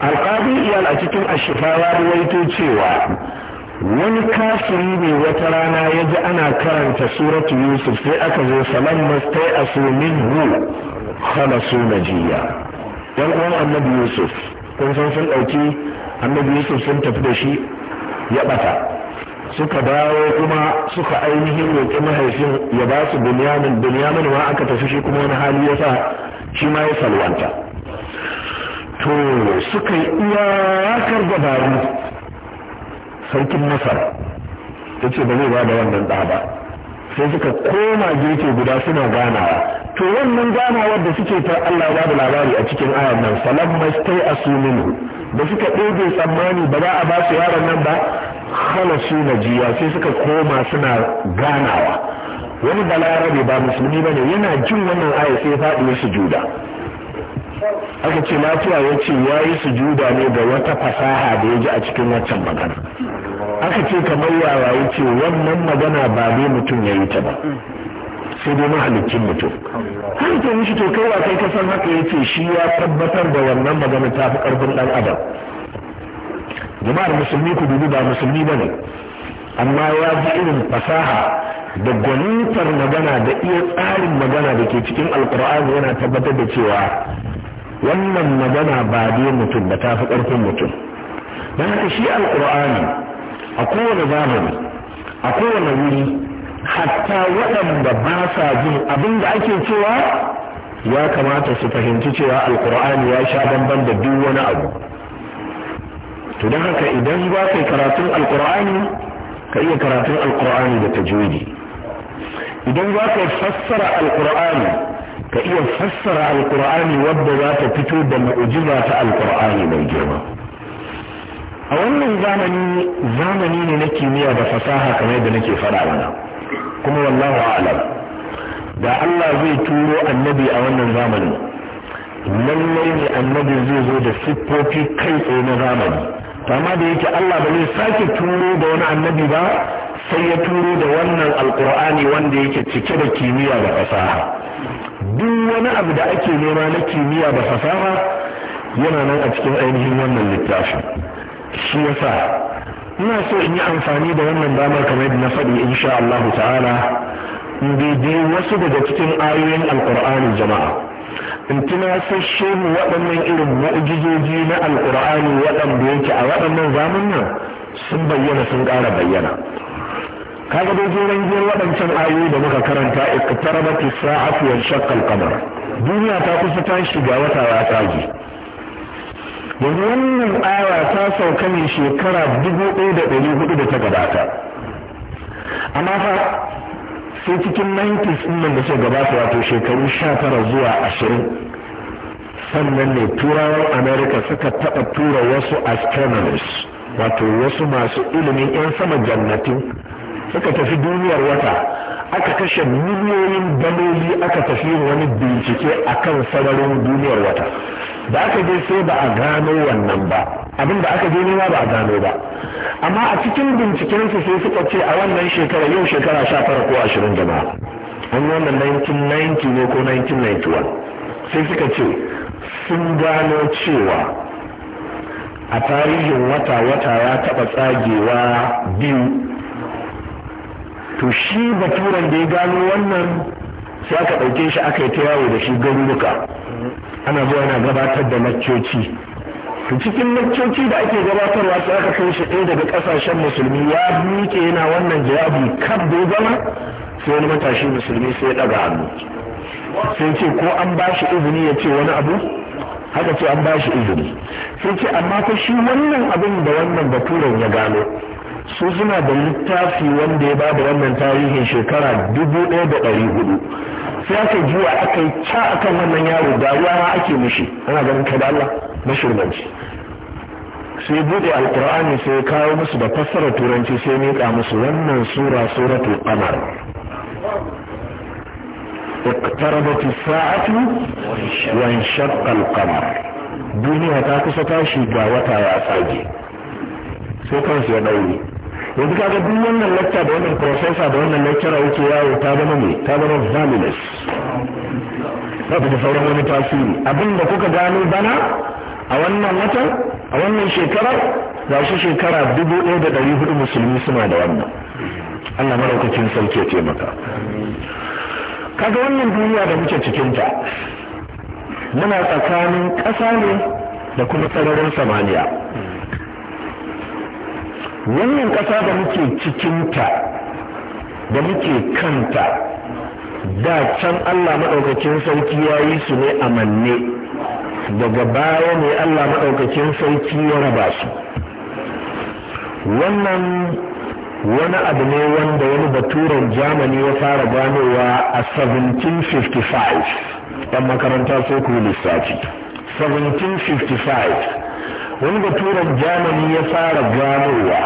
alqadi iyal a cikin ashifa ya ruwaito cewa wani kafiri ne wata rana ya ji ana karanta suratu yusuf sai aka zo salam mastai asu minhu khalasu jiya. yan uwan annabi yusuf kun san sun ɗauki annabi yusuf sun tafi da shi ya ɓata. suka dawo kuma suka ainihin roƙi mahaifin ya ba su binyamin bunyamin ma aka tafi shi kuma wani hali ya sa shi ma ya salwanta to suka yi iyakar dabaru sarkin masar ya ce ba zai ba da wannan ɗa ba sai suka koma gefe guda suna ganawa to wannan ganawar da suke ta Allah ba da labari a cikin ayan nan falamma stai asu minhu da suka ɗebe tsammani ba za a ba su yaron nan ba na jiya sai suka koma suna ganawa wani balarabe ba musulmi ba ne yana jin wannan aya sai ya faɗi juda. aka ce lafiya ya ce ya yi juda ne ga wata fasaha da ya ji a cikin waccan magana aka ce kamar yawa ya ce wannan magana ba ne mutum ya yi ta ba sai dai mahalicin mutum sai ta mishi to kai wa kai ka san haka ce shi ya tabbatar da wannan magana ta fi karfin dan adam jama'ar musulmi ku dubi ba musulmi bane amma ya ji irin fasaha da gwanintar magana da iya tsarin magana da ke cikin alkur'ani yana tabbatar da cewa wannan magana ba dai mutum ba ta fi ƙarfin mutum don haka shi alkur'ani a kowane zamani a kowane wuri hatta waɗanda ba sa jin abin da ake cewa ya kamata su fahimci cewa alkur'ani ya sha bamban da duk wani abu to don haka idan za karatun alkur'ani ka iya karatun alkur'ani da tajwidi idan za ka fassara alkur'ani ka iya fassara alkur'ani wadda za ta fito da mu'jiza ta alkur'ani mai girma a wannan zamani zamani ne na kimiyya da fasaha kamar yadda nake faɗa mana kuma wallahu a'lam da Allah zai turo annabi a wannan zamani lallai ne annabi zai zo da siffofi kai tsaye na zamani to amma da yake Allah ba zai sake turo da wani annabi ba sai ya turo da wannan alkur'ani wanda yake cike da kimiyya da fasaha duk wani abu da ake nema na kimiyya da fasaha yana nan a cikin ainihin wannan littafin shi yasa ina so in yi amfani da wannan damar kamar yadda na faɗi insha Allah ta'ala in bibiyi wasu daga cikin ayoyin alƙur'ani jama'a in tunasashe mu waɗannan irin mu'jizoji na alƙur'ani waɗanda yake a waɗannan zamanin sun bayyana sun ƙara bayyana kaga dai jiran jiyar waɗancan ayoyi da muka karanta iqtarabat as-sa'atu wa shaqqa duniya ta kusa ta shiga wata ya tsage yanzu wannan aya ta sauka ne shekara dubu ɗaya da ɗari hudu da ta gabata amma fa sai cikin 90s ɗin da suka gabata wato shekaru sha tara zuwa ashirin sannan ne turawan america suka taɓa tura wasu astronomers wato wasu masu ilimin 'yan sama jannatin suka tafi duniyar wata aka kashe miliyoyin daloli aka tafi wani bincike a kan sararin duniyar wata da aka je sai ba a gano wannan ba abin da aka je nema ba a gano ba amma a cikin bincikensu sai suka ce a wannan shekara yau shekara sha tara ko ashirin da an yi wannan 1990 ne ko 1991 sai suka ce sun gano cewa a tarihin wata wata ya taɓa tsagewa biyu to shi baturan da ya gano wannan sai aka ɗauke shi aka yi ta yawo da shi garuruka ana zuwa yana gabatar da laccoci to cikin laccoci da ake gabatarwa sai aka kai shi ɗaya daga ƙasashen musulmi ya miƙe yana wannan jawabi kan da ya zama sai wani matashi musulmi sai ya ɗaga hannu sai ce ko an ba shi izini ya ce wani abu haka ce an ba shi izini sai ce amma ko shi wannan abin da wannan baturan ya gano su suna da littafi wanda ya bada wannan tarihin shekara dubu ɗaya da ɗari hudu sai aka juwa aka yi ca akan wannan yaro ga ruwa ake mishi ana ganin kai da Allah mashirmanci sai buɗe alkur'ani sai ya kawo musu da fassara turanci sai miƙa musu wannan sura suratul qamar اقتربت الساعة وانشق القمر duniya ta kusa tashi ga wata ya tsage sai kansu ya ɗaure yanzu kaga duk wannan lecture da wannan professor da wannan lecturer yake yawo ta zama me ta zama valueless ba da sauran wani tasiri abin da kuka gano bana a wannan watan a wannan shekarar ga shi shekara dubu ɗaya da ɗari hudu musulmi suna da wannan Allah maraukakin sarki ya taimaka kaga wannan duniya da muke cikinta muna tsakanin ƙasa ne da kuma sararin samaniya wannan ƙasa da muke cikinta da muke kanta da can Allah maɗaukacin sarki ya yi su ne a manne daga baya ne Allah maɗaukacin sarki ya raba su wannan wani abu ne wanda wani baturen jamani ya fara ganowa a 1755 ɗan makaranta sai ku lissafi 1755 wani baturen jamani ya fara ganowa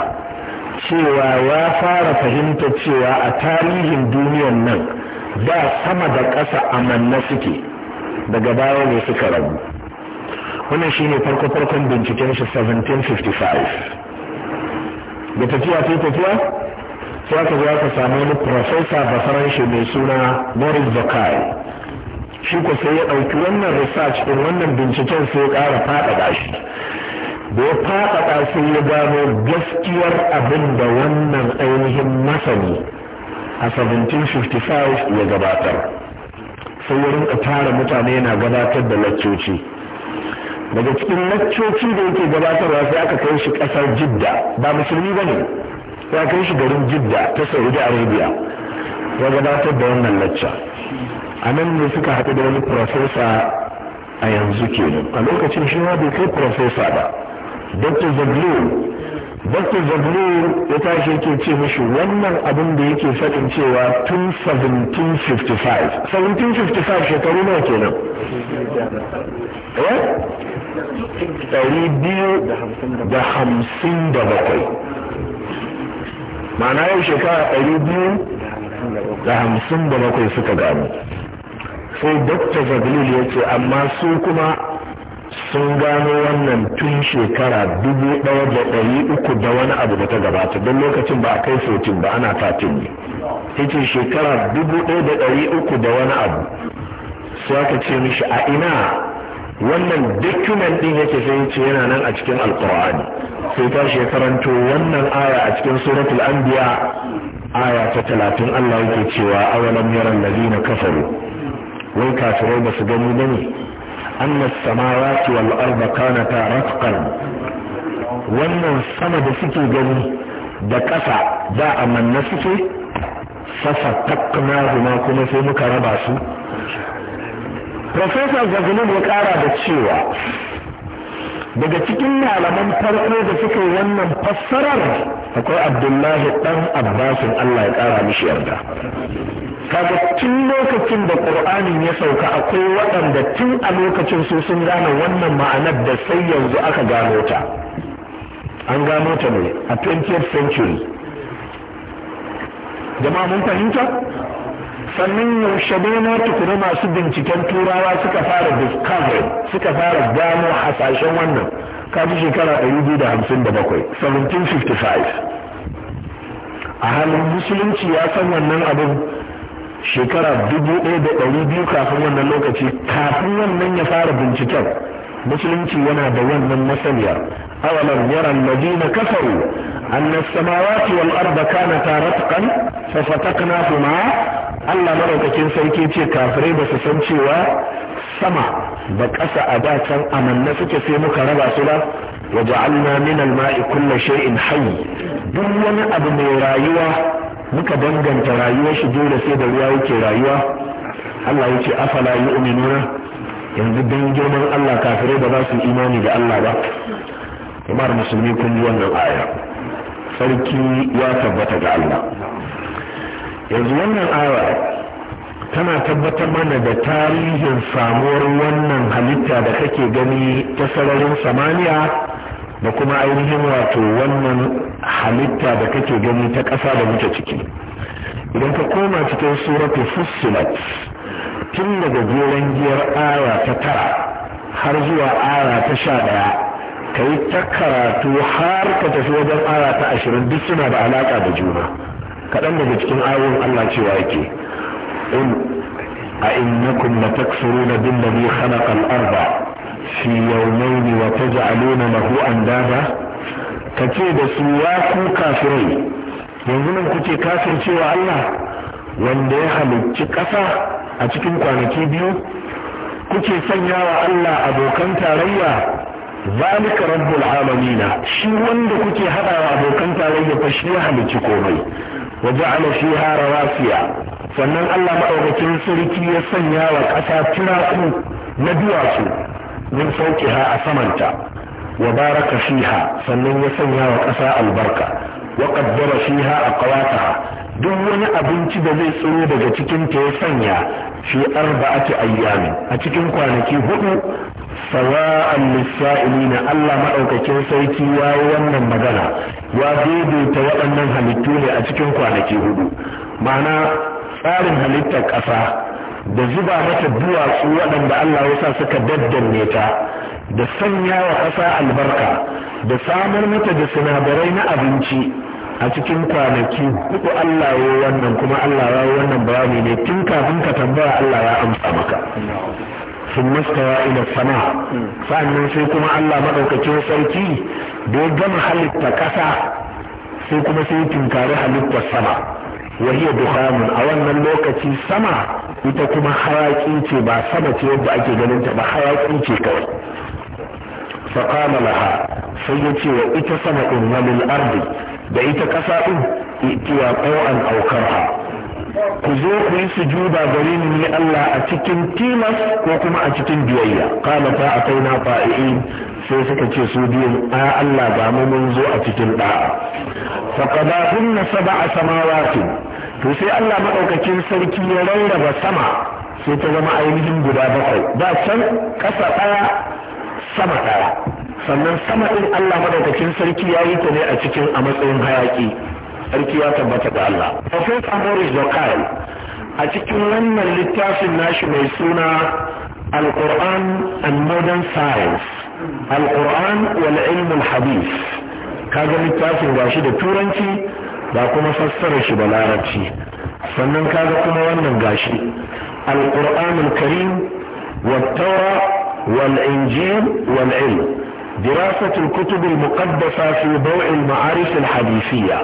cewa ya fara fahimta cewa a tarihin duniyan nan ba sama da ƙasa Manna suke daga baya ne suka rabu wannan shine farko-farkon binciken shi 1755 da tafiya ta tafiya sai aka zo aka samu wani profesa bafaranshi mai suna Morris Zakai shi ko sai ya ɗauki wannan research ɗin wannan binciken sai ya ƙara faɗaɗa shi da ya faɗaɗa sai ya gano gaskiyar abin da wannan ainihin masani a 1755 ya gabatar sai ya rinka tara mutane yana gabatar da laccoci daga cikin laccoci da yake gabatarwa sai aka kai shi ƙasar jidda ba musulmi ba ne ya kai shi garin jidda ta saudi arabia ya gabatar da wannan lacca a nan ne suka haɗu da wani profesa a yanzu kenan a lokacin shi ma bai kai profesa ba dr zablu dr zablu ya tashi yake ce mishi wannan abin da yake faɗin cewa tun 1755 1755 shekaru nawa kenan eh? ɗari biyu da hamsin da bakwai ma'ana yau shekara ɗari biyu da hamsin da bakwai suka gano sai dr zaglil ya ce amma su kuma sun gano wannan tun shekara dubu ɗaya da ɗari uku da wani abu da ta gabata don lokacin ba a kai fotin ba ana fatin ne yace shekara dubu ɗaya da ɗari uku da wani abu sai aka ce mishi a ina wannan document din yake sai yace yana nan a cikin alkur'ani sai ta shekaranto wannan aya a cikin suratul anbiya aya ta talatin Allah yake cewa awalam yaran ladina kafaru wai kafirai ba su gani ne? anna samawati wal arda kanata rafqan wannan sama da suke gani da ƙasa da a manna suke fasa takna kuma sai muka raba su Profesa Zazzulun ya ƙara da cewa daga cikin malaman farko da suka yi wannan fassarar akwai Abdullahi ɗan Abbasin Allah ya ƙara mishi yarda. kaga tun lokacin da qur'anin ya sauka akwai waɗanda tun a lokacin su sun gane wannan ma'anar da sai yanzu aka gano ta an gano ta ne a 20th century ma mun fahimta sannan yaushe ne na tukuna masu binciken turawa suka fara discovery suka fara gano hasashen wannan kaji shekara 1757 1755 a halin musulunci ya san wannan abin shekara dubu ɗaya da ɗari biyu kafin wannan lokaci kafin wannan ya fara binciken musulunci yana da wannan masaniyar awalan yaran ladina kafaru anna samawati wal arda ta ratqan fa fataknahuma Allah madaukakin sarki ce kafirai ba su san cewa sama da ƙasa a da can amanna suke sai muka raba su ba waja'alna min al-ma'i kullu shay'in hayy duk wani abu mai rayuwa muka danganta rayuwar shi dole sai da ruwa yake rayuwa Allah ya ce afala yu'minuna yanzu dan girman Allah kafirai ba za su imani da Allah ba kamar musulmi kun ji wannan aya sarki ya tabbata ga Allah yanzu wannan aya tana tabbatar mana da tarihin samuwar wannan halitta da kake gani ta sararin samaniya da kuma ainihin wato wannan halitta da kake gani ta ƙasa da muke ciki idan ka koma cikin suratul fussilat tun daga goron giyar aya ta tara har zuwa aya ta sha ɗaya ka yi ta karatu har ka tafi wajen aya ta ashirin duk suna da alaƙa da juna kaɗan daga cikin ayoyin allah cewa yake in a innakum la takfuruna billazi khalaqa al-arba fi yaumaini wa taj'aluna lahu andada kace da su wa ku kafirai yanzu nan kuke kafircewa Allah wanda ya halicci ƙasa a cikin kwanaki biyu kuke sanya wa Allah abokan tarayya zalika rabbul na. shi wanda kuke hada wa abokan tarayya fa shi ya halicci komai wa ja'ala fiha rawasiya sannan Allah madaukakin sarki ya sanya wa ƙasa turaku na duwatsu min saukiha a samanta wa baraka fiha sannan ya sanya wa ƙasa albarka wa qaddara fiha aqwataha duk wani abinci da zai tsiro daga cikin ta ya sanya fi arba'ati ayyamin a cikin kwanaki hudu sawa'an lisa'ilina Allah madaukakin sarki ya yi wannan magana ya daidaita waɗannan halittu ne a cikin kwanaki hudu ma'ana tsarin halittar ƙasa da zuba mata duwatsu waɗanda Allah ya sa suka daddanne ta da sanya wa ƙasa albarka da samar mata da sinadarai na abinci a cikin kwanaki uku Allah ya wannan kuma Allah ya wannan bayani ne tun kafin ka tambaya Allah ya amsa maka sun mastawa ila sama sa'annan sai kuma Allah madaukakin sarki da ya gama halitta ƙasa sai kuma sai tunkari halitta sama wahiya dukhanun a wannan lokaci sama ita kuma hayaki ce ba sama ce yadda ake ganin ta ba hayaki ce kawai faqala laha sai ya ce wa ita sama din walil ardi da ita kasa din itiya qaw'an aw karha ku zo ku yi sujuda gare ni Allah a cikin tilas ko kuma a cikin biyayya qala akai ataina fa'iin sai suka ce su biyun a Allah zamu mu mun zo a cikin da'a faqadahunna sab'a samawati to sai Allah maɗaukakin sarki ya rarraba sama sai ta zama ainihin guda bakwai Da can ƙasa ɗaya sama ɗaya sannan sama ɗin Allah maɗaukakin sarki ya yi ta ne a cikin a matsayin hayaƙi sarki ya tabbata da Allah Professor Morris Dokal a cikin wannan littafin nashi mai suna Al-Quran and Modern Science Al-Quran wal Ilmul Hadith kaga littafin gashi da turanci ba kuma fassara shi ba larabci sannan kaga kuma wannan gashi alqur'anul karim wattawra دراسة الكتب المقدسة في ضوء المعارف الحديثية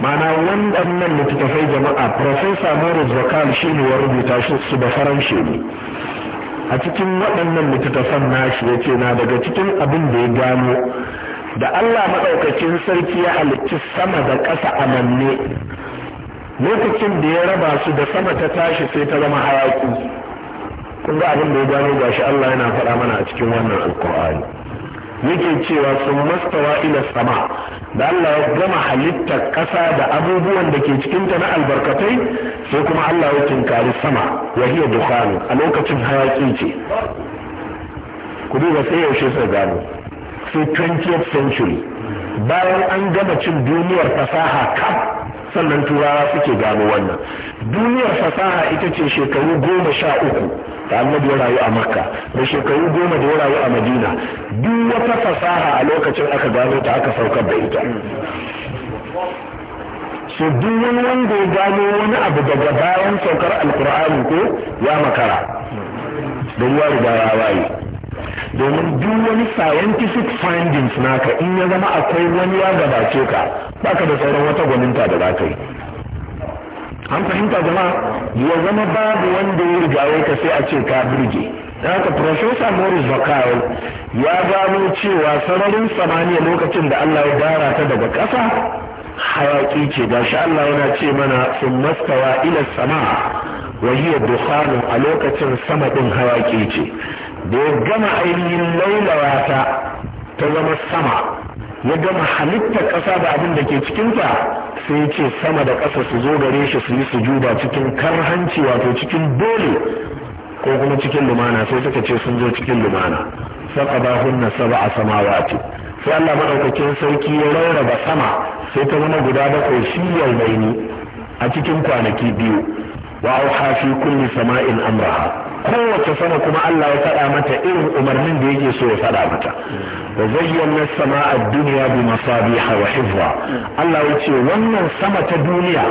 معنى وان أن المتفاي جماعة بروفيسا مارز وقال شيني وربي تاشو سبخرا شيني أتكين أن المتفاي ناشي يتينا بجتكين أبن بيجانو da Allah maɗaukakin sarki ya halicci sama da ƙasa a manne lokacin da ya raba su da sama ta tashi sai ta zama hayaƙi kun ga abin da ya gano gashi Allah yana faɗa mana a cikin wannan alƙur'ani yake cewa sun mastawa ila sama da Allah ya gama halittar ƙasa da abubuwan da ke cikinta na albarkatai sai kuma Allah ya tinkari sama ya hiya dukhanu a lokacin hayaƙi ce ku duba sai yaushe sai gano sai 20th century bayan an gama cin duniyar fasaha kaf sannan turawa suke gano wannan duniyar fasaha ita ce shekaru goma sha uku da annabi ya rayu a makka da shekaru goma da ya rayu a madina duk wata fasaha a lokacin aka gano ta aka saukar da ita so duk wani wanda ya gano wani abu daga bayan saukar alkur'ani ko ya makara don ya riga ya waye domin duk wani scientific findings naka in ya zama akwai wani ya gabace ka baka da sauran wata gwaninta da za ka yi an fahimta jama'a ya zama babu wanda ya rigaye ka sai a ce ka birge haka Profesa Morris Bakawai ya gano cewa sararin samaniya lokacin da Allah ya gara ta daga ƙasa hayaƙi ce Ga shi Allah yana ce mana sun mastawa ila sama wa hiya dukhanu a lokacin sama din hayaƙi ce da ya gama ainihin laulawa ta ta zama sama ya gama halitta ƙasa da abin da ke cikinta sai ya ce sama da ƙasa su zo gare shi su yi sujuda cikin karhanci wato cikin dole ko kuma cikin lumana sai suka ce sun zo cikin lumana saka ba hunna saba a sama wato sai Allah maɗaukakin sarki ya rarraba sama sai ta zama guda bakwai shi yau a cikin kwanaki biyu wa auha fi kulli sama'in amraha kowace sama kuma Allah ya faɗa mata irin umarnin da yake so ya faɗa mata wa zayyana sama'a duniya bi masabiha wa hifza Allah ya ce wannan sama ta duniya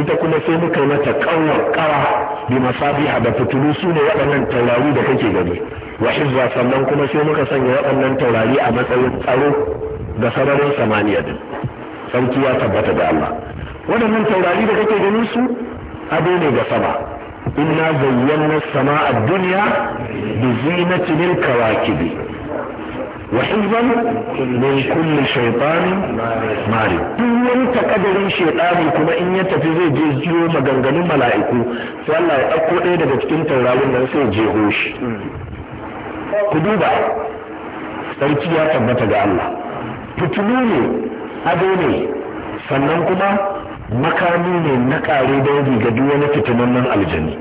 ita kuma sai muka yi mata kawar kawa bi masabiha da fitulu su ne waɗannan taurari da kake gani wa hizba sannan kuma sai muka sanya waɗannan taurari a matsayin tsaro da sararin samaniya din sarki ya tabbata da Allah waɗannan taurari da kake ganin su ado ne ga sama inna zayyana sama'a duniya bi zinatin al-kawakibi wa hizban min kulli shaytanin mari duk wani takadarin shaytani kuma in ya tafi zai je jiyo maganganu mala'iku sai Allah ya dauko ɗaya daga cikin taurarin nan sai je hoshi ku duba sarki ya tabbata ga Allah fitilu ne ado ne sannan kuma makami ne na ƙare dangi ga duk wani nan aljani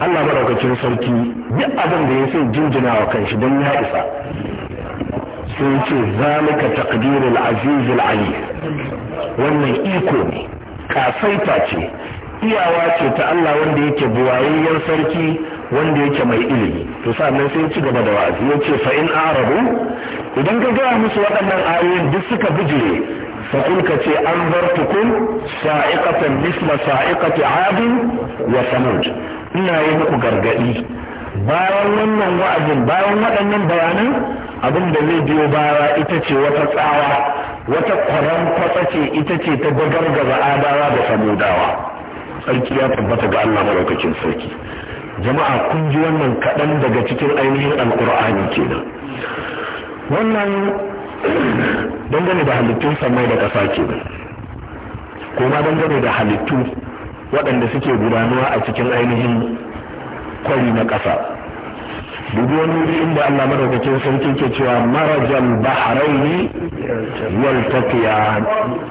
Allah maɗaukacin sarki duk abin da ya sai jinjina wa shi don ya isa sun ce zalika taqdirul aziz ali wannan iko ne kasaita ce iyawa ce ta Allah wanda yake buwayayyen sarki wanda yake mai ilimi to sannan sai ci gaba da wa'azi yace fa in rabu? idan ka gaya musu waɗannan ayoyin duk suka bijire فقل كتي أنظرتكم صائقة مثل صائقة عاد وثمود إنا يمك غرغئي bayan wannan wa'azin bayan waɗannan bayanan abin da zai biyo baya ita ce wata tsawa wata kwaran kwatsa ce ita ce ta gagargaza adawa da samudawa sarki ya tabbata ga Allah malaukacin sarki jama'a kun ji wannan kaɗan daga cikin ainihin alƙur'ani kenan wannan dangane da halittun samai da ƙasa ke kuma dangane da halittu waɗanda suke gudanuwa a cikin ainihin kwari na ƙasa dubu wani wuri inda Allah madaukakin sarki ke cewa marajal bahraini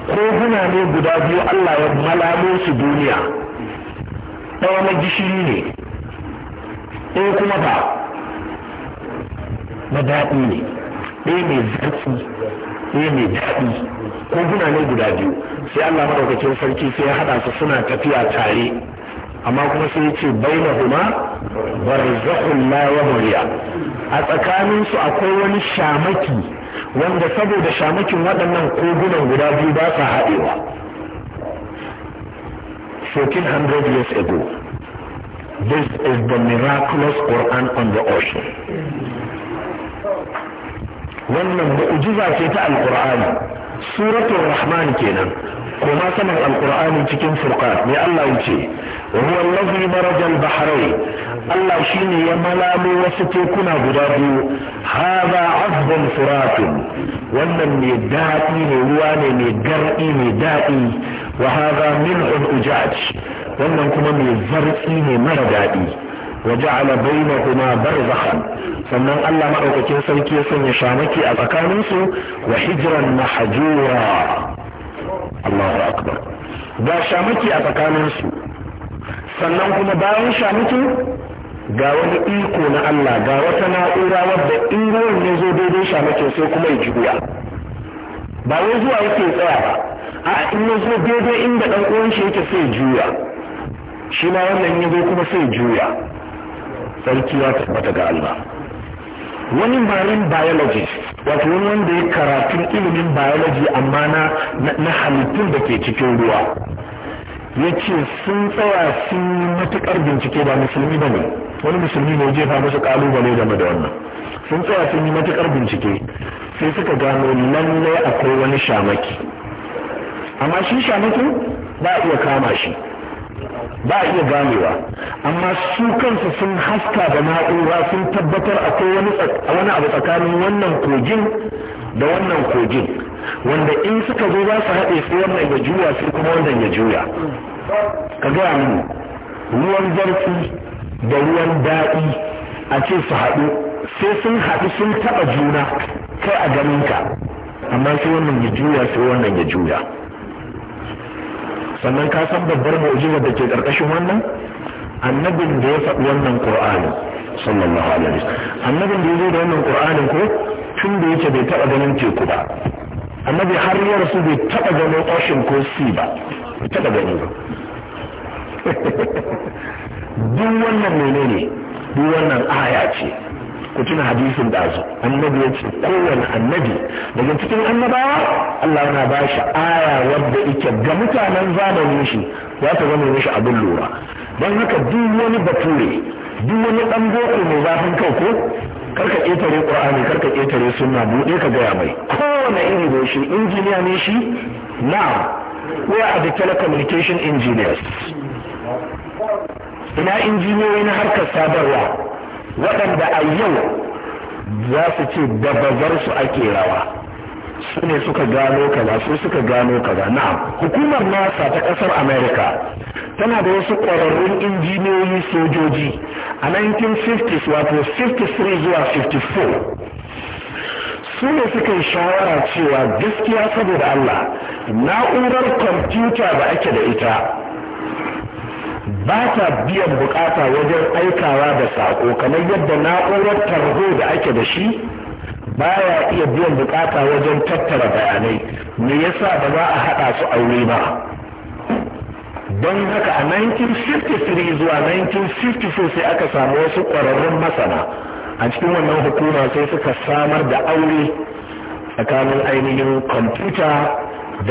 Ko guna ne guda biyu Allah ya malamo su duniya ɗaya na gishiri ne ɗaya kuma ba na daɗi ne ɗaya mai zarki ɗaya mai daɗi koguna ne guda biyu sai Allah madaukakin sarki sai ya haɗa su suna tafiya tare amma kuma sai yace bai baina huma barzakhun la yamriya a tsakaninsu akwai wani shamaki wanda saboda shamakin waɗannan kogunan guda biyu ba sa haɗewa 1400 years ago this is the miraculous Quran on the ocean wannan mu'jiza ce ta alkur'ani suratul rahman kenan kuma saman alkur'ani cikin furqan ne Allah yace ruwan allazi marajal bahrai Allah shine ya malalo wasu tekuna guda biyu hada azbun furatun wannan mai daɗi ne ruwa ne mai garɗi mai daɗi wa hada mil'un ujaj wannan kuma mai zartsi ne mara daɗi وجعل بينهما برزخا sannan Allah maɗaukakin sarki ya sanya shamaki a tsakaninsu wa hijiran mahjura Allahu akbar ga shamaki a tsakaninsu sannan kuma bayan shamaki ga wani iko na Allah ga wata na'ura wadda in ruwan ya zo daidai shamakin sai kuma ya juya ba wai zuwa yake tsaya ba a in ya zo daidai inda ɗan uwan shi yake sai juya shi ma wannan ya zo kuma sai juya sarki ya tabbata ga Allah wani bayan biology wato wani wanda ya karatun ilimin biology amma na halittun da ke cikin ruwa ya ce sun tsaya sun yi matuƙar bincike ba musulmi ba ne wani musulmi ne jefa musu ƙalubale game da wannan sun tsaya sun yi matuƙar bincike sai suka gano lallai akwai wani shamaki amma shi shamakin ba iya kama shi ba a iya ganewa amma su kansu sun haska da na'ura sun tabbatar akwai wani abu tsakanin wannan kogin da wannan kogin wanda in suka zo za su haɗe sai wannan ya juya sai kuma wannan ya juya ka gaya mu ruwan zarfi da ruwan daɗi a ce su haɗu sai sun haɗu sun taɓa juna kai a ganinka amma sai wannan ya juya sai wannan ya juya sannan ka san babbar mu'jiza da ke karkashin wannan annabin da ya faɗi wannan qur'ani sallallahu alaihi annabin da ya zo da wannan qur'anin ko tun da yake bai taɓa ganin teku ba annabi har ya rasu bai taɓa ganin ocean ko sea ba bai taɓa gani ba [laughs] duk wannan menene duk wannan aya ce ku tuna hadisin dazu annabi ya ce kowane annabi daga cikin annabawa Allah yana ba shi aya wadda ike ga mutanen zamanin shi za ta zama mishi abin lura don haka duk wani bature duk wani dan boko mai zafin kai ko karka ƙetare ƙur'ani karka ƙetare sunna buɗe ka gaya mai kowane iri ne shi injiniya ne shi na we are the telecommunication engineers ina injiniyoyi na harkar sadarwa waɗanda a yau za su ce da bazar su ake rawa su ne suka gano kaza su suka gano kaza na hukumar nasa ta ƙasar Amerika, tana da wasu ƙwararrun injiniyoyi sojoji a 1950s wato 53 zuwa 54 su ne suka yi shawara cewa gaskiya saboda allah na'urar kwamfuta da ake da ita ba ta biyan bukata wajen aikawa da saƙo kamar yadda na'urar tarho da ake da shi baya iya biyan bukata wajen tattara bayanai me yasa ba za a haɗa su aure ba don haka a 1953 zuwa 1954 sai aka samu wasu ƙwararrun masana a cikin wannan hukuma sai suka samar da aure tsakanin ainihin kwamfuta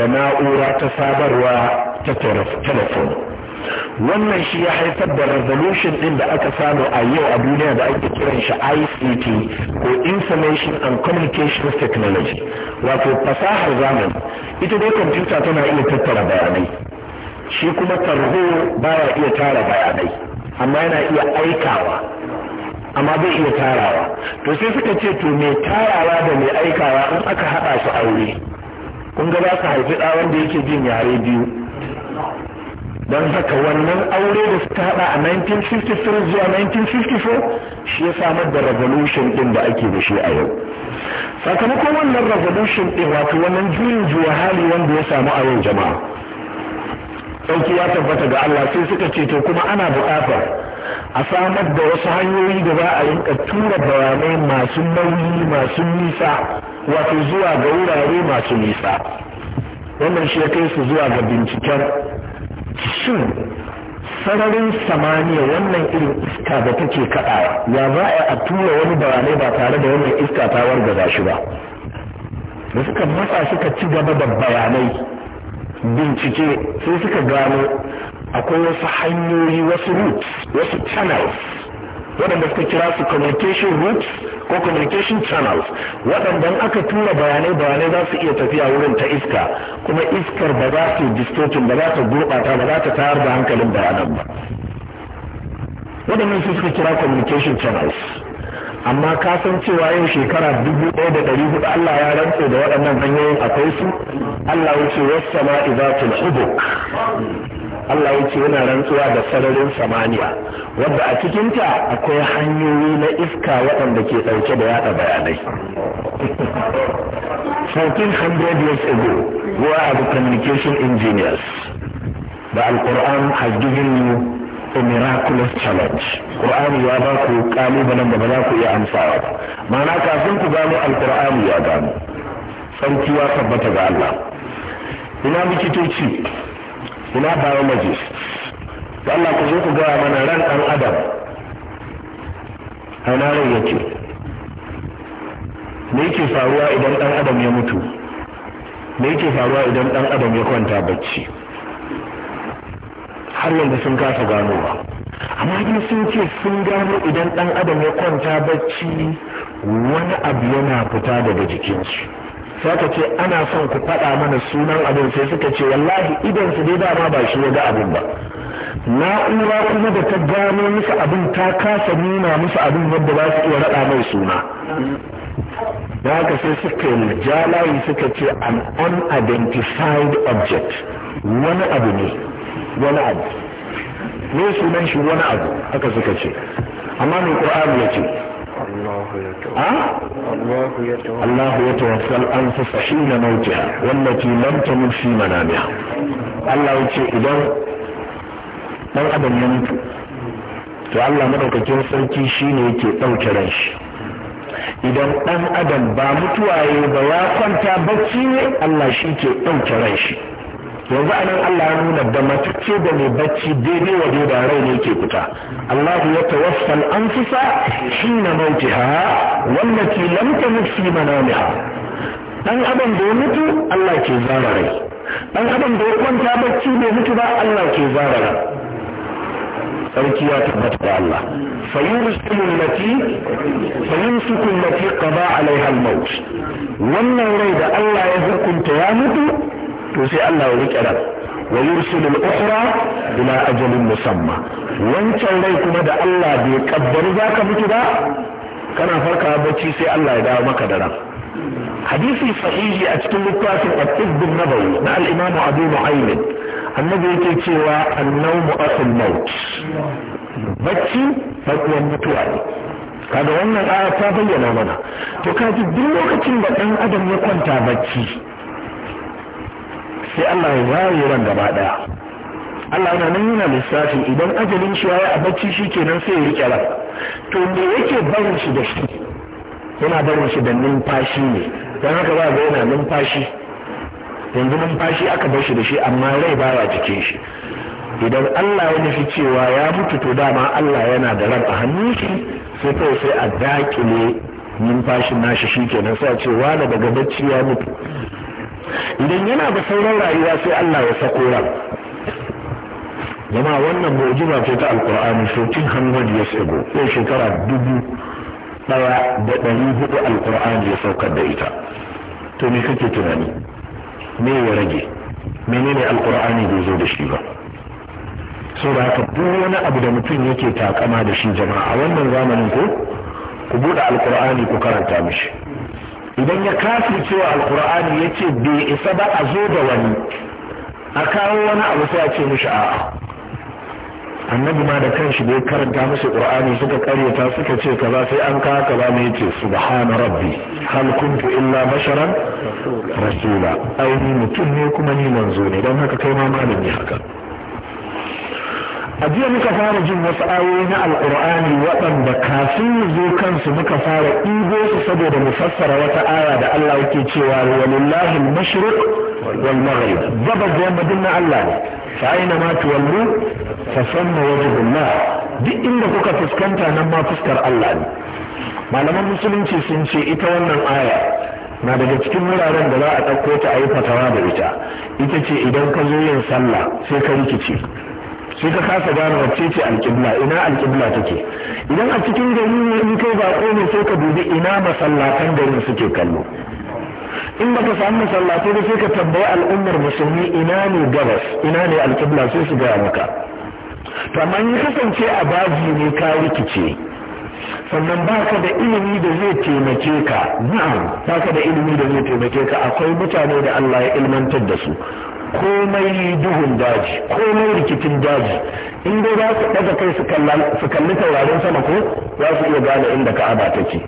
da na'ura ta sabarwa ta telefon wannan shi ya haifar da revolution din da aka samu a yau a duniya da ake kiran shi ICT ko Information and Communications Technology wato fasahar zamani ita dai kwamfuta tana iya tattara bayanai shi kuma tarho baya iya tara bayanai amma yana iya aikawa amma bai iya tarawa to sai suka ce to mai tarawa da mai aikawa in aka haɗa su aure kun ga za su haifi ɗa da yake jin yare biyu don haka wannan aure da suka haɗa a 1953 zuwa 1954 shi ya samar da revolution ɗin da ake da shi a yau sakamakon wannan revolution ɗin wato wannan juyin zuwa hali wanda ya samu a yau jama'a sauki ya tabbata ga Allah sai suka ce to kuma ana buƙatar a samar da wasu hanyoyi da za a rinka tura bayanai masu nauyi masu nisa wato zuwa ga wurare masu nisa wannan shi ya kai su zuwa ga binciken shin sararin samaniya wannan irin iska da take kaɗawa ya za a tura wani bayanai ba tare da wannan iska ta wargaza shi ba da suka matsa suka ci gaba da bayanai bincike sai suka gano akwai wasu hanyoyi wasu roots wasu channels waɗanda suka kira su communication routes ko communication channels waɗanda aka tura bayanai bayanai za su iya tafiya wurin ta iska kuma iskar ba za su distortion ba za ta gurɓata ba za ta tayar da hankalin bayanan ba waɗannan su suka kira communication channels amma ka san cewa yau shekara dubu ɗaya da ɗari hudu Allah ya rantse da waɗannan hanyoyin akwai su Allah ya ce wasu sama'i za ta Allah ya ce yana rantsuwa da sararin samaniya wadda a cikinta akwai hanyoyi na iska waɗanda ke ɗauke da yaɗa bayanai 1400 years ago we are the communication engineers the Al-Quran has given you a miraculous challenge Qur'ani ya ba ku kalubalen da ba za ku iya amsawa ba ma'ana kafin ku gano Al-Qur'ani ya gano sarki ya tabbata ga Allah ina likitoci ina biology to Allah ku zo ku gaya mana ran ɗan adam ana rai yake me yake faruwa idan ɗan adam ya mutu me yake faruwa idan ɗan adam ya kwanta bacci har yanzu sun kasa ganowa amma in sun ce sun gano idan ɗan adam ya kwanta bacci wani abu yana fita daga jikinsu za ka ce ana son ku faɗa mana sunan abin sai suka ce wallahi idan su dai dama ba shi ya ga abin ba na'ura kuma da ta gano musu abin ta kasa nuna musu abin wanda za su iya raɗa mai suna da haka sai suka yi jalayi suka ce an unidentified object wani abu ne wani abu ne sunan shi wani abu haka suka ce amma mai ƙur'ani ya ce الله يتوفى الأنفس حين موتها والتي لم تمت في منامها الله يتي إذا ɗan adam ya mutu to Allah madaukakin sarki ne yake ɗauke ranshi, idan ɗan adam ba mutuwa mutuwaye ba ya kwanta bacci ne Allah shi ke ɗauke ranshi. shi yanzu nan Allah ya nuna da matacce da mai bacci daidai wa da rai ne ke fita Allah ya tawaffa al-anfusa hina mautiha wallati lam tamut fi manamiha dan adam da ya mutu Allah ke zara rai dan adam da ya kwanta bacci bai mutu ba Allah ke zara rai sarki ya tabbata da Allah فيرسل التي فيمسك التي قضى عليها الموت wannan rai da Allah ya hukunta ya mutu to sai Allah ya rike ran wa yursilu al-ukhra bila ajalin musamma wancan rai kuma da Allah bai za ka mutu ba kana farka bacci sai Allah ya dawo maka da ran hadisi sahihi a cikin littafin at-tibb an-nabawi na al-imam Abu Nu'aym annabi yake cewa an-nawmu asul maut bacci bakwai mutuwa ne kaga wannan aya ta bayyana mana to kaji duk lokacin da ɗan adam ya kwanta bacci sai Allah ya waye ran gaba daya Allah yana nan yana lissafin idan ajalin shi ya a bacci shi kenan sai ya rike ran to me yake barin shi da shi yana barin shi da numfashi ne don haka ba ga yana numfashi yanzu numfashi aka bar shi da shi amma rai baya cikin shi idan Allah ya nufi cewa ya mutu to dama Allah yana da ran a hannun shi sai kawai sai a dakile numfashin nashi shi kenan sai a ce wani daga bacci ya mutu idan yana da sauran rayuwa sai Allah ya sako ran jama'a wannan mu'jiza ce ta alqur'ani 1400 years ago ko shekara dubu daya da dari hudu alqur'ani ya saukar da ita to me kake tunani me ya rage menene alqur'ani bai zo da shi ba so da haka duk wani abu da mutum yake takama da shi jama'a a wannan zamanin ko ku buɗe alqur'ani ku karanta mishi idan ya kafir cewa alkur'ani ya ce bai isa ba a zo da wani a kawo wani abu sai a ce mishi a'a annabi ma da kanshi da ya karanta musu qur'ani suka karyata suka ce kaza sai an kawo ce su yace subhana rabbi hal kuntu illa basharan rasula aini mutum ne kuma ni manzo ne don haka kai ma malami haka a jiya muka fara jin wasu ayoyi na alkur'ani waɗanda kafin mu zo kansu muka fara ɗigo su saboda mu fassara wata aya da Allah yake cewa walillahi al-mashriq wal maghrib gabas da Allah ne fa aina ma tuwallu fa sanna wajhullah duk inda kuka fuskanta nan ma fuskar Allah ne malaman musulunci sun ce ita wannan aya na daga cikin wuraren da za a ɗauko ta a yi fatawa da ita ita ce idan ka zo yin sallah sai ka rikice sai ka kasa gane wacce ce alƙibla ina alƙibla take idan a cikin gari ne in kai ba ne sai ka dubi ina masallatan garin suke kallo in baka samu masallatai da sai ka tambayi al'ummar musulmi ina ne gabas ina ne alƙibla sai su gaya maka to amma in kasance a baji ne ka rikice sannan baka da ilimi da zai taimake ka na'am baka da ilimi da zai taimake ka akwai mutane da Allah ya ilmantar da su komai duhun daji komai rikicin daji in dai za su daga kai su kalli taurarin sama ko za su iya gane inda ka'aba take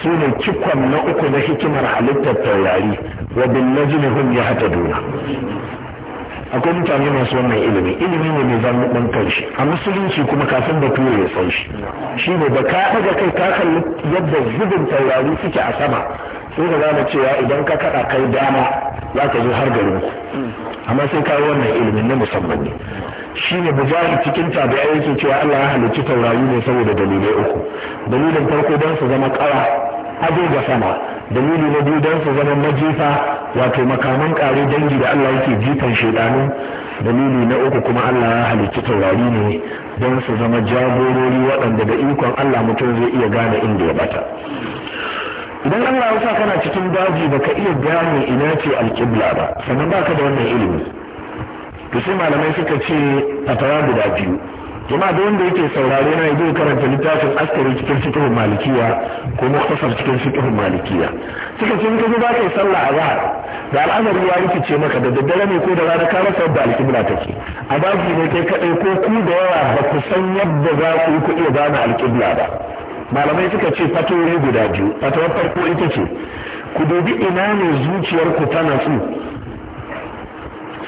su ne cikon na uku na hikimar halittar taurari wa bin najmi hum yahtaduna akwai mutane masu wannan ilimi ilimi ne mai zama dan kanshi a musulunci kuma kafin da tura ya san shi shi ne da ka daga kai ka kalli yadda zubin taurari suke a sama sai ka gane cewa idan ka kaɗa kai dama za ka zo har garin ku amma sai kawo wannan ilimin na musamman ne shi ne mujahid cikin tabi'ai yake cewa Allah ya halicci taurari ne saboda dalilai uku dalilin farko don su zama ƙara ado ga sama dalili na biyu don su zama majifa wato makaman ƙare dangi da Allah yake jifan shaidanu dalili na uku kuma Allah ya halicci taurari ne don su zama jagorori waɗanda da ikon Allah mutum zai iya gane inda ya bata idan Allah ya sa kana cikin daji baka iya gane ina ce alƙibla ba sannan baka da wannan ilimi to sai malamai suka ce tara guda biyu jama'a da wanda yake saurare na yaje karanta littafin askari cikin fiqhul malikiya ko muktasar cikin fiqhul malikiya suka ce in ka za ka yi sallah a zahar da al'amari ya rikice maka da daddare ne ko da rana ka rasa yadda alƙibla take a daji ne kai kaɗai ko ku da yawa ba ku san yadda za ku yi ku iya gane alƙibla ba malamai suka ce fatori guda biyu fatawar farko ita ce ku dubi ina ne zuciyarku ta natsu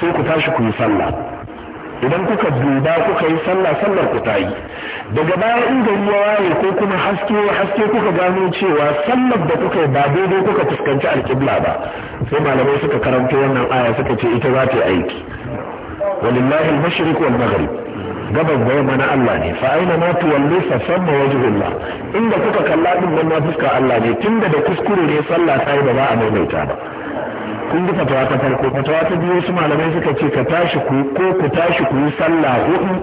sai ku tashi ku yi sallah idan kuka duba kuka yi sallah sallar ku ta yi daga baya in gari ya waye ko kuma haske haske kuka gano cewa sallar da kuka yi ba daidai kuka fuskanci alkibla ba sai malamai suka karanto wannan aya suka ce ita za ta yi aiki walillahi al-mashriq wal maghrib gaban da yamma na Allah ne fa aina ma tuwallu fa samma wajhullah inda kuka kalla din nan ma fuska Allah ne tunda da kuskure ne sallah sai da ba a maimaita ba kun ji fatawa ta farko fatawa ta biyu su malamai suka ce ka tashi ku ko ku tashi ku yi sallah hudu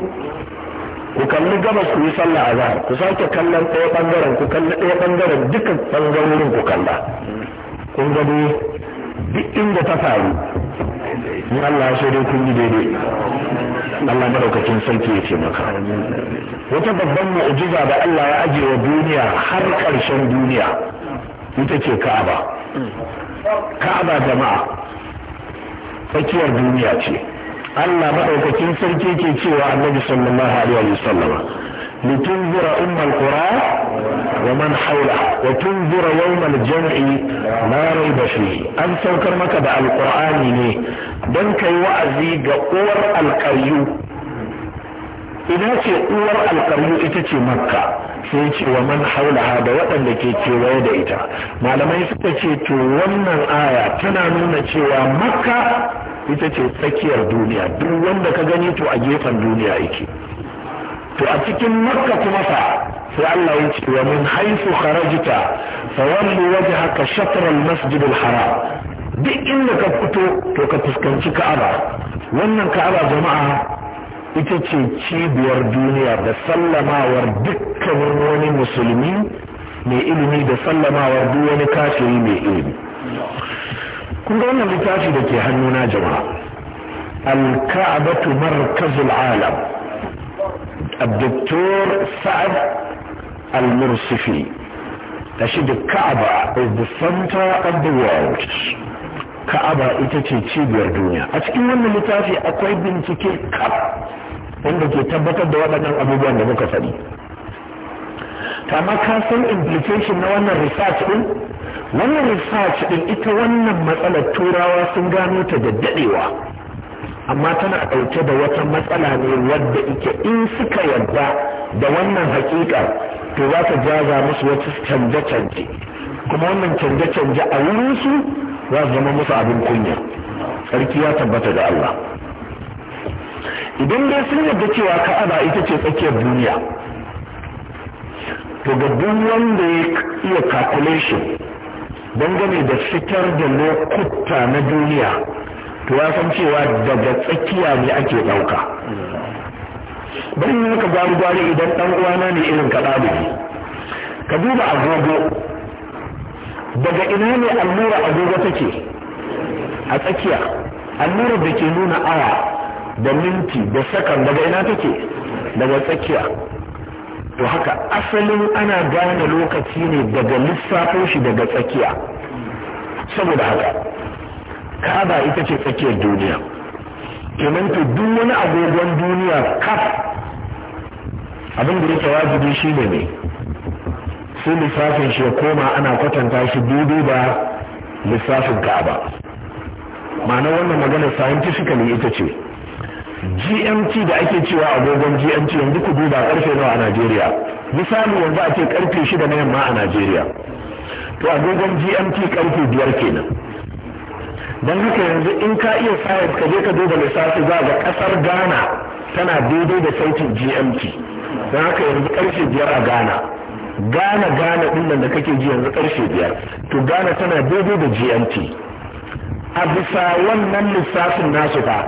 ku kalli gabas ku yi sallah a zahar ku sake kallon ɗaya ɓangaren ku kalli ɗaya ɓangaren duka ɓangarorin ku kalla kun gani duk inda ta faru Ni Allah ya shaidai kun yi daidai Allah madaukakin sarki ya taimaka wata babban mu'jiza da Allah ya ajiye wa duniya har ƙarshen duniya ita ce Ka'aba Ka'aba jama'a tsakiyar duniya ce Allah madaukakin sarki ke cewa Annabi sallallahu alaihi wa sallama لتنذر أم القرى ومن حولها وتنذر يوم الجمع لا an saukar maka da alkur'ani ne don kai wa'azi ga uwar alƙaryu ina ce uwar alƙaryu ita ce makka sai ce wa man haulaha da waɗanda ke kewaye da ita malamai suka ce to wannan aya tana nuna cewa makka ita ce tsakiyar duniya duk wanda ka gani to a gefen duniya yake to a cikin makka kuma fa sai Allah ya ce wa min haisu kharajta fa walli wajhaka shatr al-masjid al-haram duk inda ka fito to ka fuskanci Ka'aba wannan Ka'aba jama'a ita ce cibiyar duniya da sallamawar dukkanin wani musulmi mai ilimi da sallamawar duk wani kafiri mai ilimi kun ga wannan littafi da ke hannuna jama'a al-ka'batu markazul alam الدكتور سعد المرسفي تشد كعبة is the center of the world كعبة ita ce cibiyar duniya a cikin wannan littafi akwai bincike kaf wanda ke tabbatar da waɗannan abubuwan da muka faɗi kama ka san implication na wannan research din wannan research din ita wannan matsalar turawa sun gano ta da daɗewa amma tana ɗauke da wata matsala ne wadda ike in suka yarda da wannan hakika to za ta jaza musu wata canje-canje kuma wannan canje-canje a wurinsu za su zama musu abin kunya tsarki ya tabbata da Allah idan dai sun yarda cewa ka'aba ita ce tsakiyar duniya to ga duk wanda ya iya calculation dangane da fitar da lokuta na duniya to ya san cewa daga tsakiya ne ake ɗauka Bayan haka gwari-gwari idan ɗan uwana ne irin ka ɗalibi ka duba agogo daga ina ne allura agogo take a tsakiya allurar da ke nuna awa da minti da sakan daga ina take daga tsakiya to haka asalin ana gane lokaci ne daga lissafo shi daga tsakiya saboda haka kaba ita ce tsakiyar duniya kenan to duk wani agogon duniya kaf abin da yake wajibi shi ne ne sai lissafin shi ya koma ana kwatanta shi dubu da lissafin kaba ma'ana wannan magana scientifically ita ce gmt da ake cewa agogon gmt yanzu ku duba karfe nawa a najeriya misali yanzu a ce karfe shida na yamma a najeriya to agogon gmt karfe biyar kenan don haka yanzu in ka iya science ka je ka duba lissafi za ga kasar ghana tana daidai da sautin gmt don haka yanzu karshe biyar a ghana ghana ghana din da kake ji yanzu karshe biyar to ghana tana daidai da gmt a bisa wannan lissafin nasu ba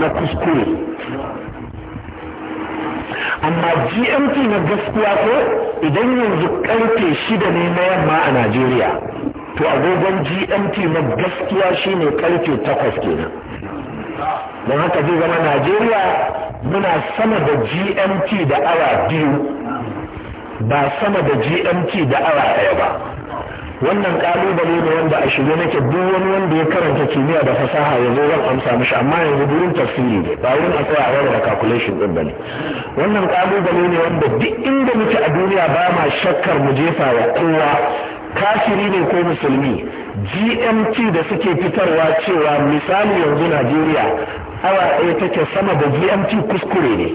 na kuskure amma gmt na gaskiya ko idan yanzu karfe shida ne na yamma a najeriya to agogon gmt na gaskiya shine karfe takwas kenan don haka zai zama najeriya muna sama da gmt da awa biyu ba sama da gmt da awa ɗaya ba wannan kalubale ne wanda a shirye nake duk wani wanda ya karanta kimiyya da fasaha ya zo zan amsa mishi amma yanzu durin tafsiri ne ba wurin a tsaya a da calculation din bane wannan kalubale ne wanda duk inda muke a duniya ba ma shakkar mu jefa wa kowa kafiri ne ko musulmi gmt da suke fitarwa cewa misali yanzu najeriya awa ɗaya take sama da gmt kuskure ne